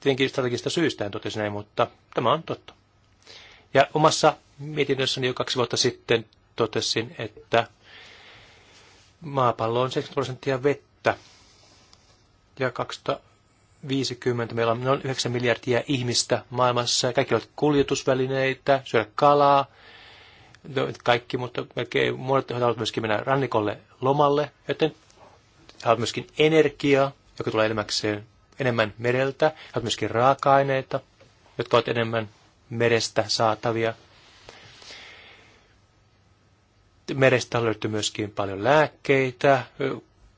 Tietenkin strategista syystä en totesi näin, mutta tämä on totta. Ja omassa mietinnössäni jo kaksi vuotta sitten totesin, että maapallo on 70 prosenttia vettä. Ja 2050 meillä on noin 9 miljardia ihmistä maailmassa. Kaikki on kuljetusvälineitä, syödä kalaa, No, kaikki, mutta melkein monet haluavat myöskin mennä rannikolle lomalle, joten haluat myöskin energiaa, joka tulee elämäkseen enemmän mereltä, haluat myöskin raaka-aineita, jotka ovat enemmän merestä saatavia. Merestä löytynyt myöskin paljon lääkkeitä,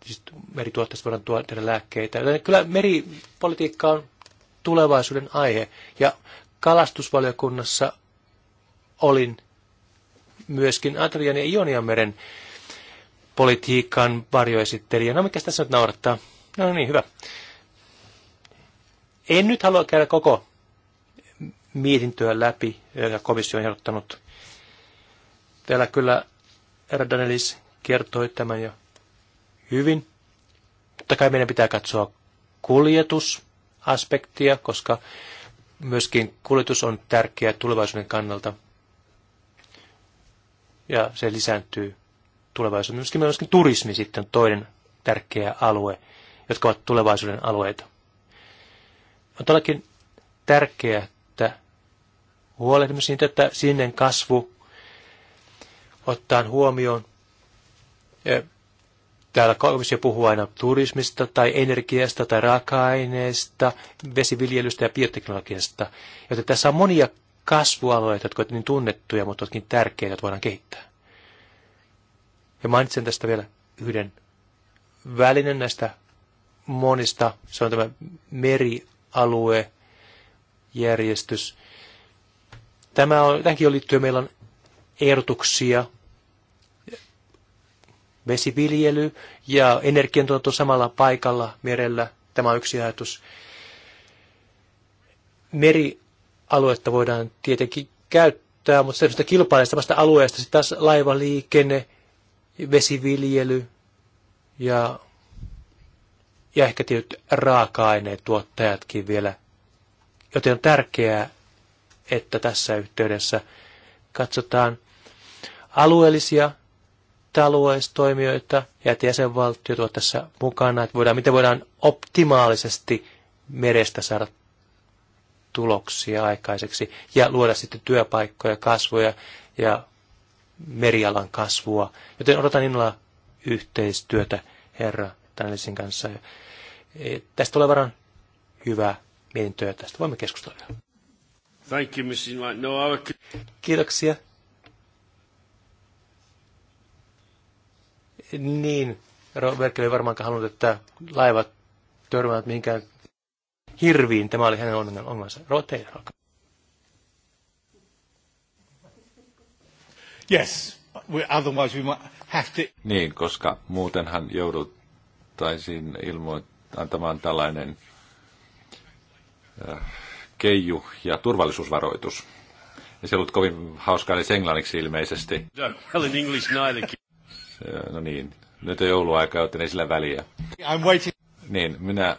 siis merituotteista voidaan tuoda tehdä lääkkeitä. Joten kyllä meripolitiikka on tulevaisuuden aihe. Ja kalastusvaliokunnassa olin myöskin Adrian ja Ionianmeren politiikan varjoesittelijä. No mikä tässä nyt naurattaa? No, no niin, hyvä. En nyt halua käydä koko mietintöä läpi, jota komissio on ehdottanut. Täällä kyllä herra Danelis kertoi tämän jo hyvin. Totta kai meidän pitää katsoa kuljetusaspektia, koska myöskin kuljetus on tärkeä tulevaisuuden kannalta ja se lisääntyy tulevaisuudessa. Myöskin, myöskin turismi sitten on toinen tärkeä alue, jotka ovat tulevaisuuden alueita. On todellakin tärkeää, että huolehdimme siitä, että sinne kasvu ottaa huomioon. Eh, täällä komissio puhuu aina turismista tai energiasta tai raaka-aineesta, vesiviljelystä ja bioteknologiasta. Joten tässä on monia kasvualueita, jotka ovat niin tunnettuja, mutta ovatkin tärkeitä, että voidaan kehittää. Ja mainitsen tästä vielä yhden välinen näistä monista. Se on tämä merialuejärjestys. Tämä on, tähänkin liittyen meillä on ehdotuksia, vesiviljely ja energiantuotanto samalla paikalla merellä. Tämä on yksi ajatus. Meri aluetta voidaan tietenkin käyttää, mutta semmoista kilpailemasta alueesta sitten taas laivaliikenne, vesiviljely ja, ja ehkä tietyt raaka aineet tuottajatkin vielä. Joten on tärkeää, että tässä yhteydessä katsotaan alueellisia taloustoimijoita ja että jäsenvaltiot ovat tässä mukana, että voidaan, miten voidaan optimaalisesti merestä saada tuloksia aikaiseksi ja luoda sitten työpaikkoja, kasvoja ja merialan kasvua. Joten odotan innolla yhteistyötä herra Tanelisin kanssa. E, tästä tulee varmaan hyvä mietintö ja tästä voimme keskustella vielä. Thank you, Mrs. No, I... Kiitoksia. Niin, Robert ei varmaankaan halunnut, että laivat törmäävät mihinkään hirviin. Tämä oli hänen ongelmansa. Rote, Yes, we, otherwise we might have to... Niin, koska muutenhan jouduttaisiin ilmoittamaan antamaan tällainen äh, keiju- ja turvallisuusvaroitus. Ja se ollut kovin hauskaa edes englanniksi ilmeisesti. Well in English neither. No niin, nyt on jouluaika, joten ei sillä väliä. I'm waiting. Niin, minä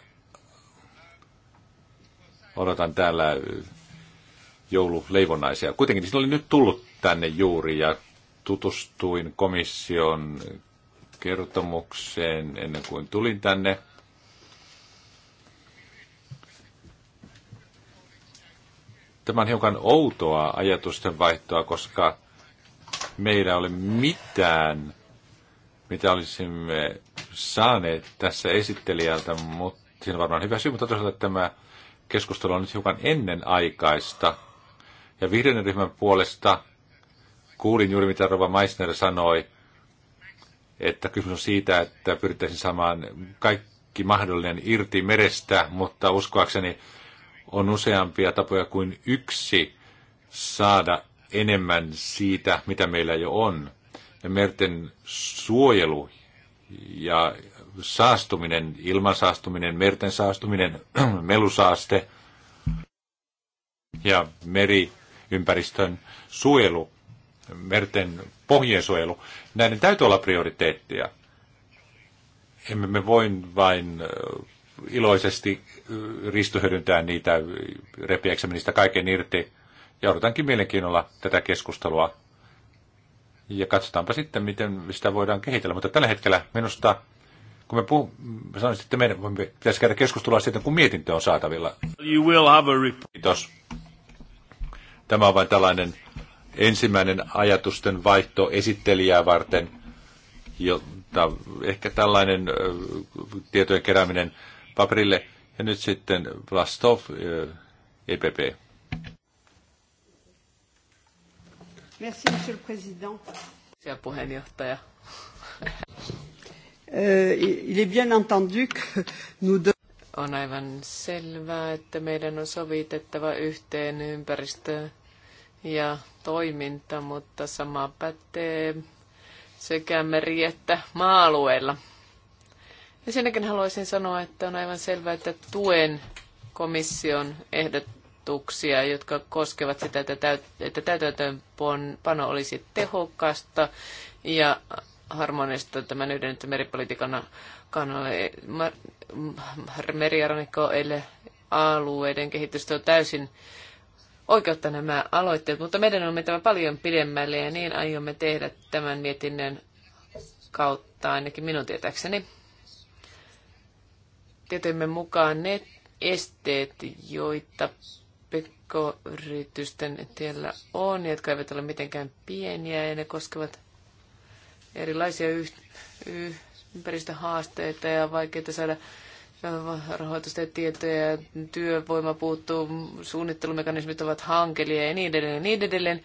odotan täällä joululeivonnaisia. Kuitenkin niin oli nyt tullut tänne juuri ja tutustuin komission kertomukseen ennen kuin tulin tänne. Tämä on hiukan outoa ajatusten vaihtoa, koska meillä oli mitään, mitä olisimme saaneet tässä esittelijältä, mutta siinä on varmaan hyvä syy, mutta toisaalta tämä keskustelu on nyt hiukan ennen Ja vihreän ryhmän puolesta kuulin juuri, mitä Rova Meissner sanoi, että kysymys on siitä, että pyrittäisiin saamaan kaikki mahdollinen irti merestä, mutta uskoakseni on useampia tapoja kuin yksi saada enemmän siitä, mitä meillä jo on. Ja merten suojelu ja saastuminen, ilman saastuminen, merten saastuminen, melusaaste ja meriympäristön suojelu, merten pohjien suojelu, näiden täytyy olla prioriteetteja. Emme me voi vain iloisesti ristohyödyntää niitä, repiäksemme niistä kaiken irti. Ja odotankin mielenkiinnolla tätä keskustelua ja katsotaanpa sitten, miten sitä voidaan kehitellä. Mutta tällä hetkellä minusta kun me sanoin sitten, että meidän me pitäisi käydä keskustelua sitten, kun mietintö on saatavilla. You will have a Kiitos. Tämä on vain tällainen ensimmäinen ajatusten vaihto esittelijää varten, jota ehkä tällainen tietojen kerääminen paperille. Ja nyt sitten Vlastov, EPP. Merci, monsieur le président. Puheenjohtaja. Euh, on aivan selvää, että meidän on sovitettava yhteen ympäristö ja toiminta, mutta sama pätee sekä meri- että maa-alueilla. Ensinnäkin haluaisin sanoa, että on aivan selvää, että tuen komission ehdotuksia, jotka koskevat sitä, että täytäntöönpano olisi tehokasta ja harmonista tämän yhdennetty meripolitiikan kannalle. Meriarannikkoille alueiden kehitystä on täysin oikeutta nämä aloitteet, mutta meidän on mentävä paljon pidemmälle ja niin aiomme tehdä tämän mietinnön kautta ainakin minun tietääkseni. Tietojemme mukaan ne esteet, joita pekko yritysten tiellä on, jotka eivät ole mitenkään pieniä ja ne koskevat erilaisia ympäristöhaasteita ja vaikeita saada rahoitusta ja tietoja ja työvoima puuttuu, suunnittelumekanismit ovat hankelia ja niin edelleen niin edelleen.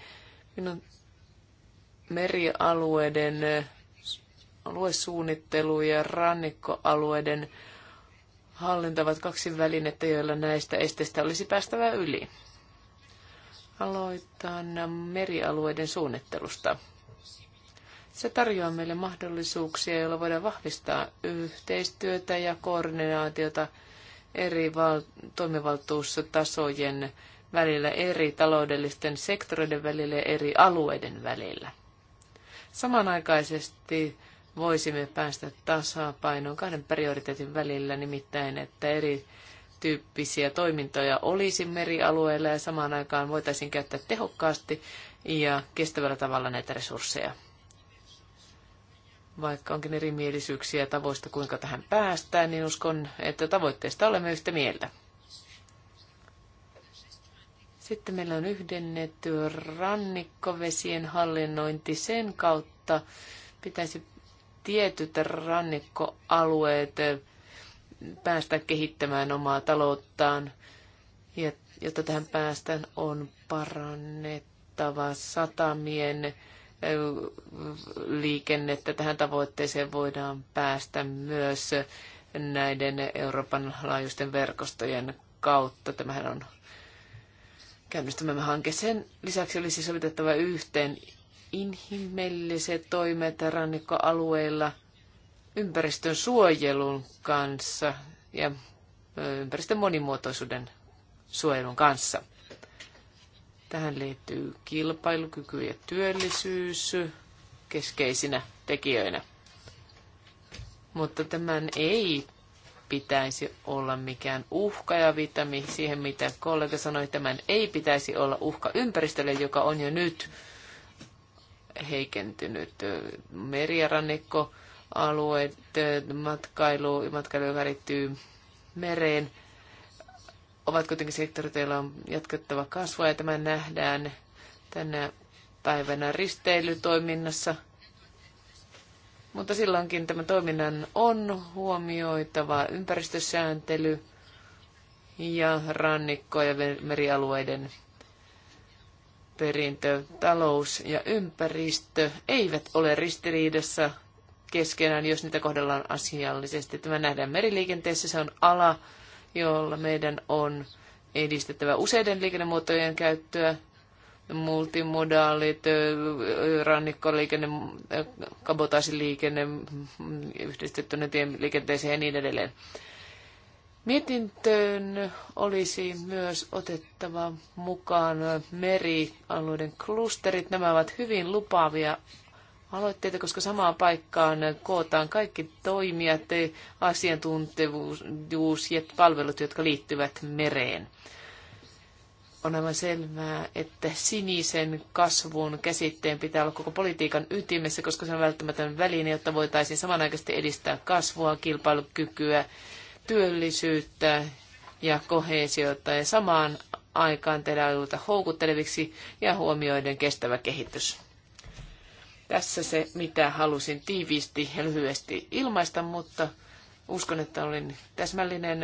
Minun merialueiden aluesuunnittelu ja rannikkoalueiden hallinta ovat kaksi välinettä, joilla näistä esteistä olisi päästävä yli. Aloitan merialueiden suunnittelusta. Se tarjoaa meille mahdollisuuksia, joilla voidaan vahvistaa yhteistyötä ja koordinaatiota eri val- toimivaltuustasojen välillä, eri taloudellisten sektoreiden välillä ja eri alueiden välillä. Samanaikaisesti voisimme päästä tasapainoon kahden prioriteetin välillä, nimittäin että eri tyyppisiä toimintoja olisi merialueilla ja samaan aikaan voitaisiin käyttää tehokkaasti ja kestävällä tavalla näitä resursseja. Vaikka onkin erimielisyyksiä tavoista, kuinka tähän päästään, niin uskon, että tavoitteista olemme yhtä mieltä. Sitten meillä on yhdennetty rannikkovesien hallinnointi. Sen kautta pitäisi tietyt rannikkoalueet päästä kehittämään omaa talouttaan. Ja jotta tähän päästään, on parannettava satamien liikennettä tähän tavoitteeseen voidaan päästä myös näiden Euroopan laajuisten verkostojen kautta. Tämähän on käynnistämämme hanke. Sen lisäksi olisi sovitettava yhteen inhimilliset toimet rannikkoalueilla ympäristön suojelun kanssa ja ympäristön monimuotoisuuden suojelun kanssa. Tähän liittyy kilpailukyky ja työllisyys keskeisinä tekijöinä. Mutta tämän ei pitäisi olla mikään uhka ja vitami siihen, mitä kollega sanoi, tämän ei pitäisi olla uhka ympäristölle, joka on jo nyt heikentynyt. Meri- ja rannikkoalueet, matkailu, matkailu, joka mereen, ovat kuitenkin sektorit, joilla on jatkettava kasvua ja tämä nähdään tänä päivänä risteilytoiminnassa. Mutta silloinkin tämä toiminnan on huomioitava ympäristösääntely ja rannikko- ja merialueiden perintö, talous ja ympäristö eivät ole ristiriidassa keskenään, jos niitä kohdellaan asiallisesti. Tämä nähdään meriliikenteessä, se on ala, jolla meidän on edistettävä useiden liikennemuotojen käyttöä, multimodaalit, rannikkoliikenne, kabotaasiliikenne, yhdistettynä tieliikenteeseen ja niin edelleen. Mietintöön olisi myös otettava mukaan merialueiden klusterit. Nämä ovat hyvin lupaavia aloitteita, koska samaan paikkaan kootaan kaikki toimijat, asiantuntevuus ja palvelut, jotka liittyvät mereen. On aivan selvää, että sinisen kasvun käsitteen pitää olla koko politiikan ytimessä, koska se on välttämätön väline, jotta voitaisiin samanaikaisesti edistää kasvua, kilpailukykyä, työllisyyttä ja kohesiota ja samaan aikaan tehdä alueita houkutteleviksi ja huomioiden kestävä kehitys. Tässä se, mitä halusin tiiviisti ja lyhyesti ilmaista, mutta uskon, että olin täsmällinen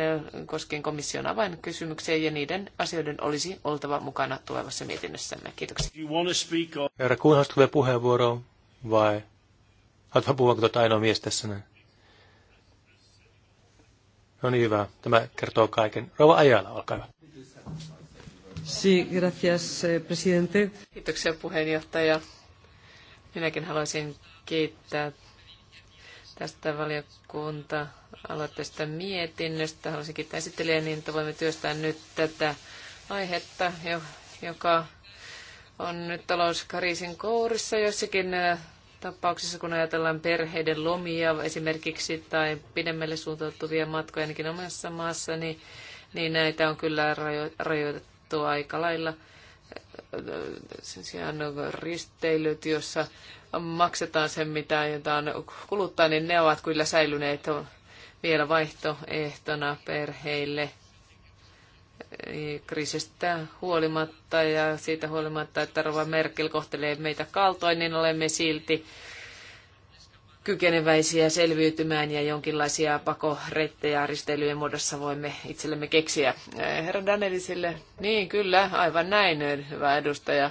koskien komission avainkysymykseen ja niiden asioiden olisi oltava mukana tulevassa mietinnössämme. Kiitoksia. Herra Kuhn, vielä puheenvuoroa vai haluatko puhua, kun tuota ainoa mies tässä näin? No niin, hyvä. Tämä kertoo kaiken. Rouva Ajala, olkaa hyvä. Sí, gracias, eh, presidente. Kiitoksia puheenjohtaja. Minäkin haluaisin kiittää tästä valiokunta aloitteesta mietinnöstä. Haluaisin kiittää esittelijä niin, että voimme työstää nyt tätä aihetta, joka on nyt talouskariisin kourissa jossakin tapauksessa, kun ajatellaan perheiden lomia esimerkiksi tai pidemmälle suuntautuvia matkoja ainakin omassa maassa, niin, niin näitä on kyllä rajoitettu aika lailla sen sijaan risteilyt, jossa maksetaan sen, mitä jotain kuluttaa, niin ne ovat kyllä säilyneet vielä vaihtoehtona perheille kriisistä huolimatta ja siitä huolimatta, että Rova Merkel kohtelee meitä kaltoin, niin olemme silti kykeneväisiä selviytymään ja jonkinlaisia pakoreittejä risteilyjen muodossa voimme itsellemme keksiä. Äh, herra Danielisille niin kyllä, aivan näin, äh, hyvä edustaja.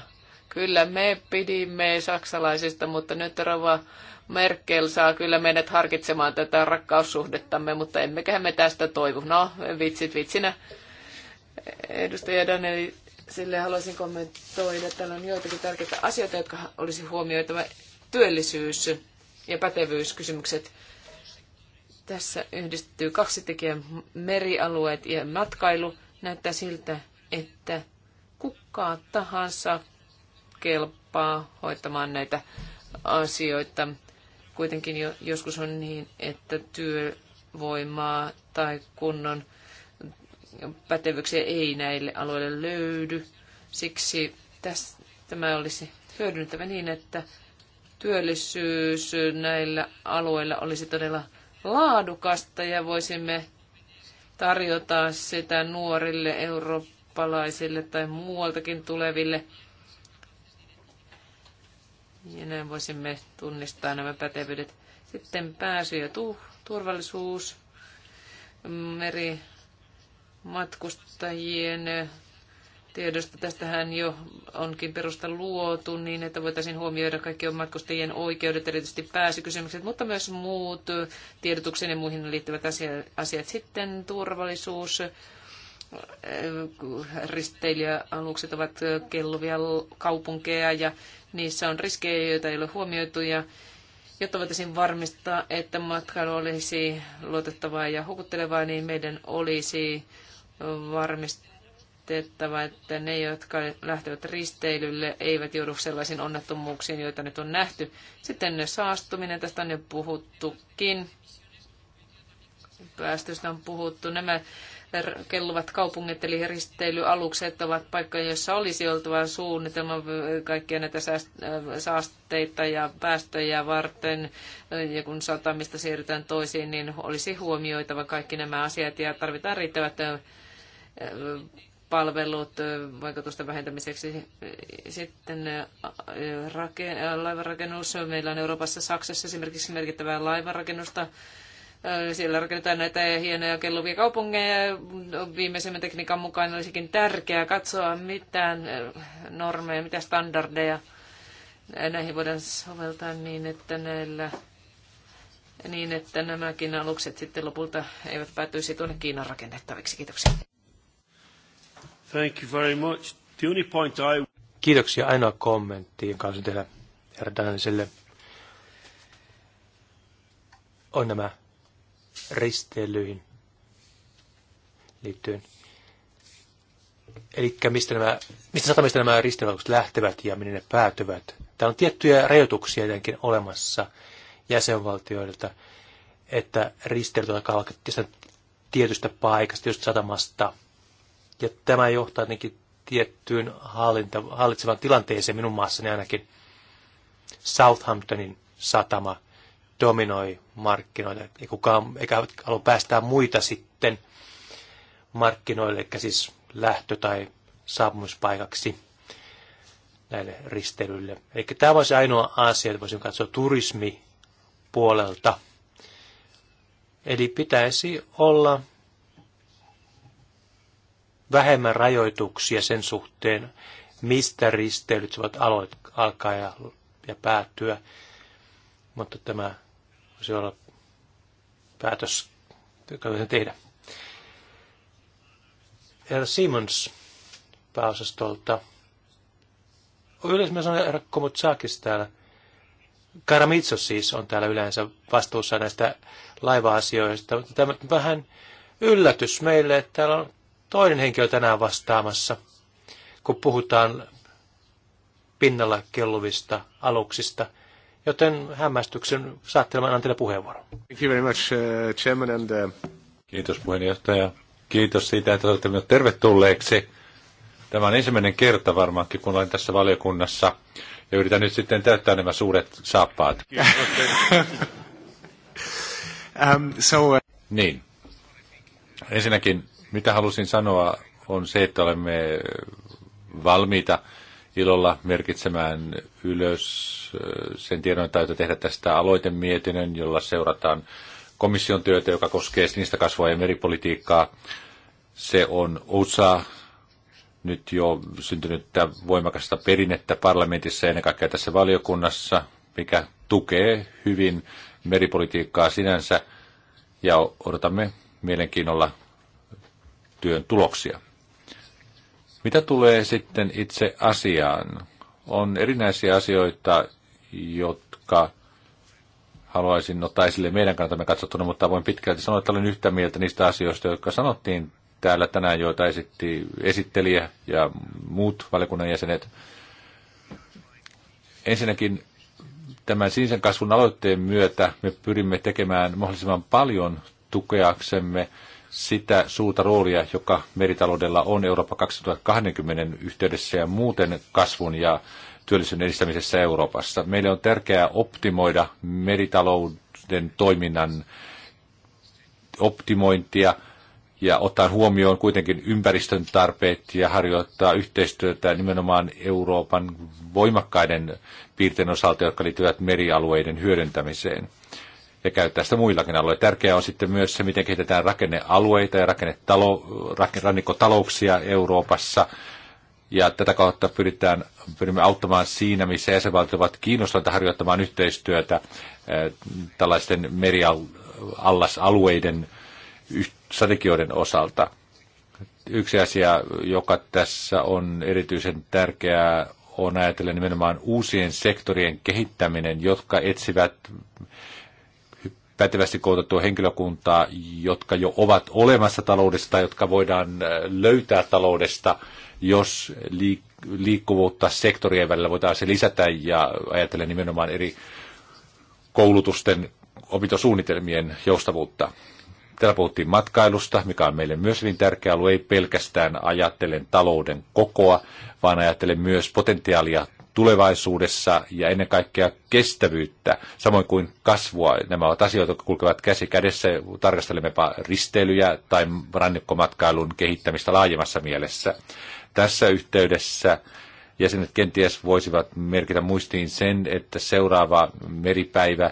Kyllä me pidimme saksalaisista, mutta nyt rova Merkel saa kyllä meidät harkitsemaan tätä rakkaussuhdettamme, mutta emmeköhän me tästä toivu. No, vitsit vitsinä. Edustaja Daneli, sille haluaisin kommentoida. Täällä on joitakin tärkeitä asioita, jotka olisi huomioitava. Työllisyys ja pätevyyskysymykset. Tässä yhdistyy kaksi tekijää, merialueet ja matkailu. Näyttää siltä, että kuka tahansa kelpaa hoitamaan näitä asioita. Kuitenkin jo, joskus on niin, että työvoimaa tai kunnon pätevyyksiä ei näille aloille löydy. Siksi tässä, tämä olisi hyödyntävä niin, että työllisyys näillä alueilla olisi todella laadukasta ja voisimme tarjota sitä nuorille eurooppalaisille tai muualtakin tuleville. Ja näin voisimme tunnistaa nämä pätevyydet. Sitten pääsy ja tu- turvallisuus, meri, matkustajien tiedosta. Tästähän jo onkin perusta luotu niin, että voitaisiin huomioida kaikki on matkustajien oikeudet, erityisesti pääsykysymykset, mutta myös muut tiedotuksen ja muihin liittyvät asiat. Sitten turvallisuus, risteilijäalukset ovat kelluvia kaupunkeja ja niissä on riskejä, joita ei ole huomioitu ja Jotta voitaisiin varmistaa, että matkailu olisi luotettavaa ja houkuttelevaa, niin meidän olisi varmistaa, varmistettava, että ne, jotka lähtevät risteilylle, eivät joudu sellaisiin onnettomuuksiin, joita nyt on nähty. Sitten ne saastuminen, tästä on jo puhuttukin. Päästöistä on puhuttu. Nämä kelluvat kaupungit eli risteilyalukset ovat paikka, jossa olisi oltava suunnitelma kaikkia näitä saasteita ja päästöjä varten. Ja kun satamista siirrytään toisiin, niin olisi huomioitava kaikki nämä asiat ja tarvitaan riittävät palvelut vaikutusten vähentämiseksi. Sitten raken, laivanrakennus. Meillä on Euroopassa Saksassa esimerkiksi merkittävää laivanrakennusta. Siellä rakennetaan näitä hienoja kelluvia kaupungeja. Viimeisimmän tekniikan mukaan olisikin tärkeää katsoa, mitä normeja, mitä standardeja näihin voidaan soveltaa niin, että näillä niin, että nämäkin alukset sitten lopulta eivät päätyisi tuonne Kiinan rakennettaviksi. Kiitoksia. Thank you very much. The only point I... Kiitoksia. Ainoa kommentti, jonka haluaisin tehdä herra Daniselle, on nämä risteilyihin liittyen. Eli mistä, nämä, mistä satamista nämä risteilyvaikutukset lähtevät ja minne ne päätyvät. Täällä on tiettyjä rajoituksia jotenkin olemassa jäsenvaltioilta, että risteilyt alkaa tietystä paikasta, tietystä satamasta. Ja tämä johtaa jotenkin tiettyyn hallinta, hallitsevan tilanteeseen minun maassani ainakin. Southamptonin satama dominoi markkinoita, ei kukaan, eikä halua päästää muita sitten markkinoille, eli siis lähtö- tai saapumispaikaksi näille risteilyille. Eli tämä olisi ainoa asia, että voisin katsoa turismi Eli pitäisi olla vähemmän rajoituksia sen suhteen, mistä risteilyt voivat alkaa ja, ja päättyä. Mutta tämä voisi olla päätös, joka voisi tehdä. Herra Simons pääosastolta. Yleensä mä sanon herra Komutsakis täällä. Karamitsos siis on täällä yleensä vastuussa näistä laiva-asioista. Tämä on vähän yllätys meille, että täällä on toinen henkilö tänään vastaamassa, kun puhutaan pinnalla kelluvista aluksista. Joten hämmästyksen saattelemaan annan puheenvuoro. Thank you very much, uh, chairman and, uh... Kiitos puheenjohtaja. Kiitos siitä, että olette minut tervetulleeksi. Tämä on ensimmäinen kerta varmaankin, kun olen tässä valiokunnassa. Ja yritän nyt sitten täyttää nämä suuret saappaat. um, so, uh... Niin. Ensinnäkin mitä halusin sanoa on se, että olemme valmiita ilolla merkitsemään ylös äh, sen tiedon, täytyy tehdä tästä aloitemietinnön, jolla seurataan komission työtä, joka koskee sinistä kasvua ja meripolitiikkaa. Se on osa nyt jo syntynyttä voimakasta perinnettä parlamentissa ja ennen kaikkea tässä valiokunnassa, mikä tukee hyvin meripolitiikkaa sinänsä. Ja odotamme mielenkiinnolla työn tuloksia. Mitä tulee sitten itse asiaan? On erinäisiä asioita, jotka haluaisin ottaa esille meidän kannaltamme katsottuna, mutta voin pitkälti sanoa, että olen yhtä mieltä niistä asioista, jotka sanottiin täällä tänään, joita esitti esittelijä ja muut valiokunnan jäsenet. Ensinnäkin tämän sinisen kasvun aloitteen myötä me pyrimme tekemään mahdollisimman paljon tukeaksemme sitä suurta roolia, joka meritaloudella on Eurooppa 2020 yhteydessä ja muuten kasvun ja työllisyyden edistämisessä Euroopassa. Meille on tärkeää optimoida meritalouden toiminnan optimointia ja ottaa huomioon kuitenkin ympäristön tarpeet ja harjoittaa yhteistyötä nimenomaan Euroopan voimakkaiden piirteiden osalta, jotka liittyvät merialueiden hyödyntämiseen ja käyttää sitä muillakin alueilla. Tärkeää on sitten myös se, miten kehitetään rakennealueita ja rakennetalo, rannikkotalouksia Euroopassa. Ja tätä kautta pyritään, pyrimme auttamaan siinä, missä jäsenvaltiot ovat kiinnostuneita harjoittamaan yhteistyötä eh, tällaisten meriallasalueiden strategioiden osalta. Yksi asia, joka tässä on erityisen tärkeää, on ajatella nimenomaan uusien sektorien kehittäminen, jotka etsivät pätevästi koulutettua henkilökuntaa, jotka jo ovat olemassa taloudesta, jotka voidaan äh, löytää taloudesta, jos liikkuvuutta sektorien välillä voidaan se lisätä ja ajatellen nimenomaan eri koulutusten opintosuunnitelmien joustavuutta. Täällä puhuttiin matkailusta, mikä on meille myös hyvin tärkeä alue, ei pelkästään ajattelen talouden kokoa, vaan ajattelen myös potentiaalia tulevaisuudessa ja ennen kaikkea kestävyyttä, samoin kuin kasvua. Nämä ovat asioita, jotka kulkevat käsi kädessä. Tarkastelemmepa risteilyjä tai rannikkomatkailun kehittämistä laajemmassa mielessä. Tässä yhteydessä jäsenet kenties voisivat merkitä muistiin sen, että seuraava meripäivä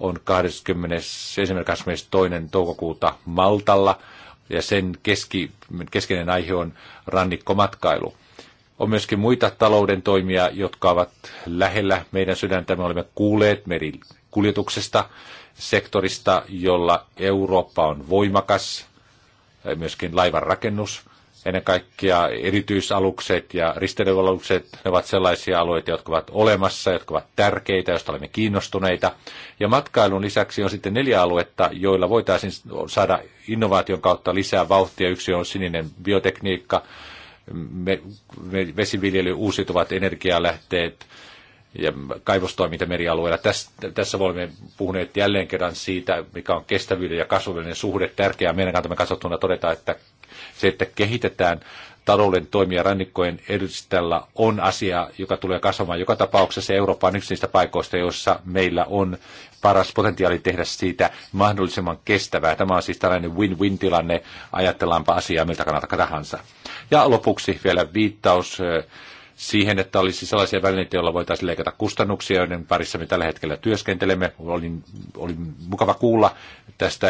on 22. toukokuuta Maltalla ja sen keski, keskeinen aihe on rannikkomatkailu. On myöskin muita talouden toimia, jotka ovat lähellä meidän sydäntämme. Olemme kuulleet merikuljetuksesta, sektorista, jolla Eurooppa on voimakas, myöskin laivan rakennus. Ennen kaikkea erityisalukset ja risteilyalukset ne ovat sellaisia alueita, jotka ovat olemassa, jotka ovat tärkeitä, joista olemme kiinnostuneita. Ja matkailun lisäksi on sitten neljä aluetta, joilla voitaisiin saada innovaation kautta lisää vauhtia. Yksi on sininen biotekniikka, vesiviljely, uusiutuvat energialähteet ja kaivostoiminta merialueella. tässä olemme puhuneet jälleen kerran siitä, mikä on kestävyyden ja kasvavillinen suhde tärkeää. Meidän kantamme katsottuna todeta, että se, että kehitetään talouden toimia rannikkojen ediställä on asia, joka tulee kasvamaan joka tapauksessa. Eurooppa on yksi niistä paikoista, joissa meillä on paras potentiaali tehdä siitä mahdollisimman kestävää. Tämä on siis tällainen win-win tilanne, ajatellaanpa asiaa miltä kannalta tahansa. Ja lopuksi vielä viittaus siihen, että olisi sellaisia välineitä, joilla voitaisiin leikata kustannuksia, joiden parissa me tällä hetkellä työskentelemme. Oli, oli mukava kuulla tästä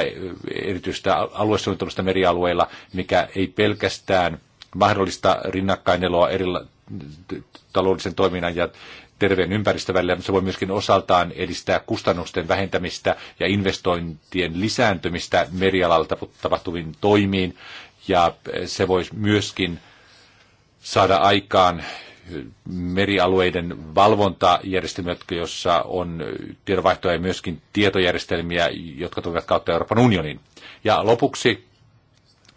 erityistä aluesuunnittelusta merialueilla, mikä ei pelkästään mahdollista rinnakkaineloa eri taloudellisen toiminnan ja terveen ympäristön välillä, mutta se voi myöskin osaltaan edistää kustannusten vähentämistä ja investointien lisääntymistä merialalta tapahtuviin toimiin, ja se voi myöskin saada aikaan merialueiden valvontajärjestelmiä, joissa on tiedonvaihtoja ja myöskin tietojärjestelmiä, jotka tulevat kautta Euroopan unionin. Ja lopuksi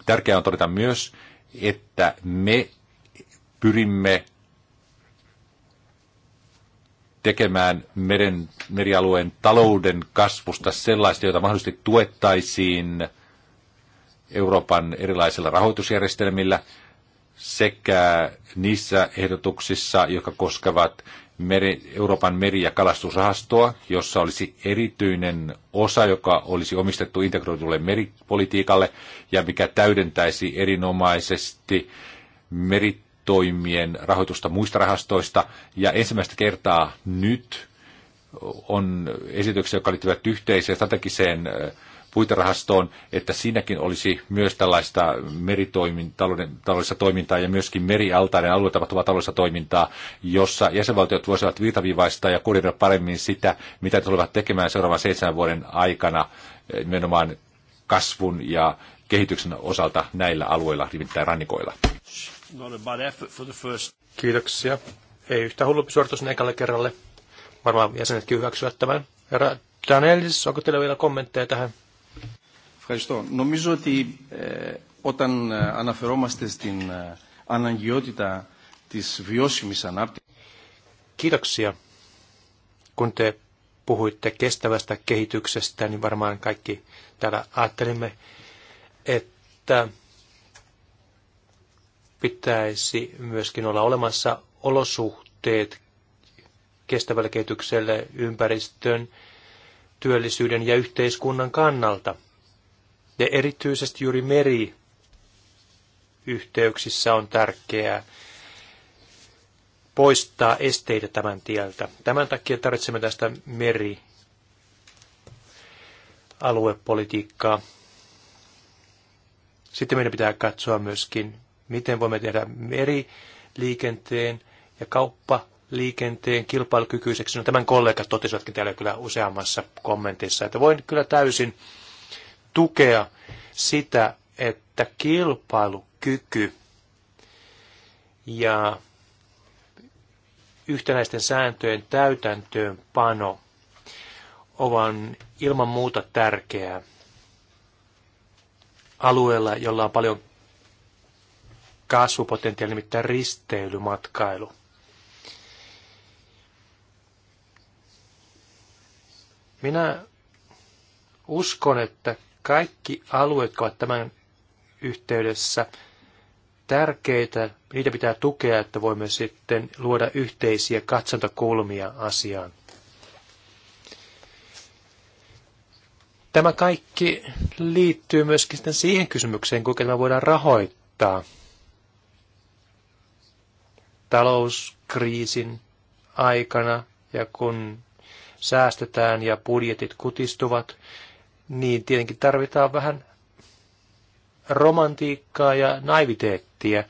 tärkeää on todeta myös, että me pyrimme tekemään meren, merialueen talouden kasvusta sellaista, jota mahdollisesti tuettaisiin Euroopan erilaisilla rahoitusjärjestelmillä sekä niissä ehdotuksissa, jotka koskevat meri, Euroopan meri- ja kalastusrahastoa, jossa olisi erityinen osa, joka olisi omistettu integroidulle meripolitiikalle ja mikä täydentäisi erinomaisesti meritoimien rahoitusta muista rahastoista. Ja ensimmäistä kertaa nyt on esityksiä, jotka liittyvät yhteiseen strategiseen puiterahastoon, että siinäkin olisi myös tällaista meritoimintaa, toimintaa ja myöskin merialtainen alue tapahtuvaa taloudellista toimintaa, jossa jäsenvaltiot voisivat viitaviivaista ja koordinoida paremmin sitä, mitä ne tulevat tekemään seuraavan seitsemän vuoden aikana eh, nimenomaan kasvun ja kehityksen osalta näillä alueilla, nimittäin rannikoilla. Kiitoksia. Ei yhtään hullumpi suoritus ekalle kerralle. Varmaan jäsenetkin hyväksyvät tämän. Herra Danielis, onko teillä vielä kommentteja tähän? Ευχαριστώ. Νομίζω ότι ε, όταν αναφερόμαστε στην αναγκαιότητα της βιώσιμης ανάπτυξης... Kiitoksia. Kun te puhuitte kestävästä kehityksestä, niin varmaan kaikki täällä ajattelimme, että pitäisi myöskin olla olemassa olosuhteet kestävälle kehitykselle ympäristön, työllisyyden ja yhteiskunnan kannalta – ja erityisesti juuri meri yhteyksissä on tärkeää poistaa esteitä tämän tieltä. Tämän takia tarvitsemme tästä meri aluepolitiikkaa. Sitten meidän pitää katsoa myöskin, miten voimme tehdä meriliikenteen ja kauppaliikenteen kilpailukykyiseksi. No, tämän kollegat totesivatkin täällä kyllä useammassa kommentissa, että voin kyllä täysin tukea sitä, että kilpailukyky ja yhtenäisten sääntöjen täytäntöönpano ovat ilman muuta tärkeää alueella, jolla on paljon kasvupotentiaalia, nimittäin risteilymatkailu. Minä uskon, että kaikki alueet, jotka ovat tämän yhteydessä tärkeitä, niitä pitää tukea, että voimme sitten luoda yhteisiä katsantokulmia asiaan. Tämä kaikki liittyy myöskin sitten siihen kysymykseen, kuinka tämä voidaan rahoittaa talouskriisin aikana ja kun säästetään ja budjetit kutistuvat, niin tietenkin tarvitaan vähän romantiikkaa ja naiviteettia,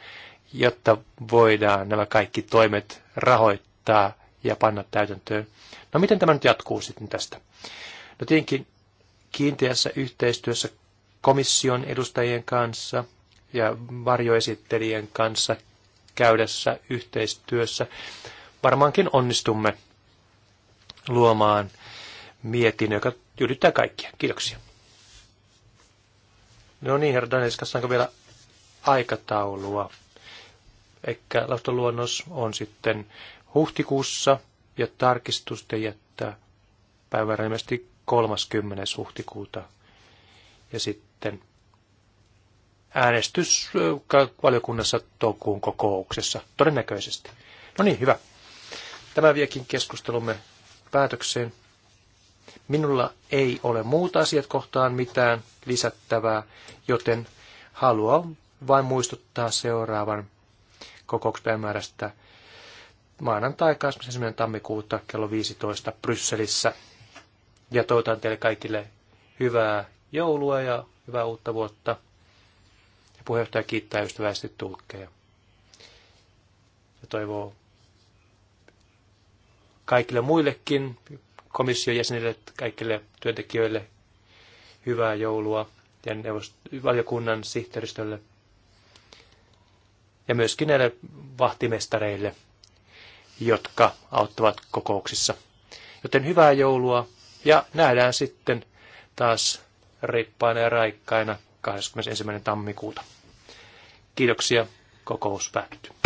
jotta voidaan nämä kaikki toimet rahoittaa ja panna täytäntöön. No miten tämä nyt jatkuu sitten tästä? No tietenkin kiinteässä yhteistyössä komission edustajien kanssa ja varjoesittelijän kanssa käydessä yhteistyössä varmaankin onnistumme luomaan mietin, joka tyydyttää kaikkia. Kiitoksia. No niin, herra Daniels, katsotaanko vielä aikataulua. Ehkä lausuntoluonnos on sitten huhtikuussa ja tarkistusten jättää päivänä ilmeisesti 30. huhtikuuta. Ja sitten äänestys äh, valiokunnassa toukuun kokouksessa, todennäköisesti. No niin, hyvä. Tämä viekin keskustelumme päätökseen. Minulla ei ole muuta asiat kohtaan mitään lisättävää, joten haluan vain muistuttaa seuraavan kokouspäivämäärästä maanantai 21. tammikuuta kello 15 Brysselissä. Ja toivotan teille kaikille hyvää joulua ja hyvää uutta vuotta. Ja puheenjohtaja kiittää ystävästi tulkkeja. Ja toivoo kaikille muillekin komission jäsenille, kaikille työntekijöille hyvää joulua ja neuvost- valiokunnan sihteeristölle ja myöskin näille vahtimestareille, jotka auttavat kokouksissa. Joten hyvää joulua ja nähdään sitten taas reippaina ja raikkaina 21. tammikuuta. Kiitoksia, kokous päättyy.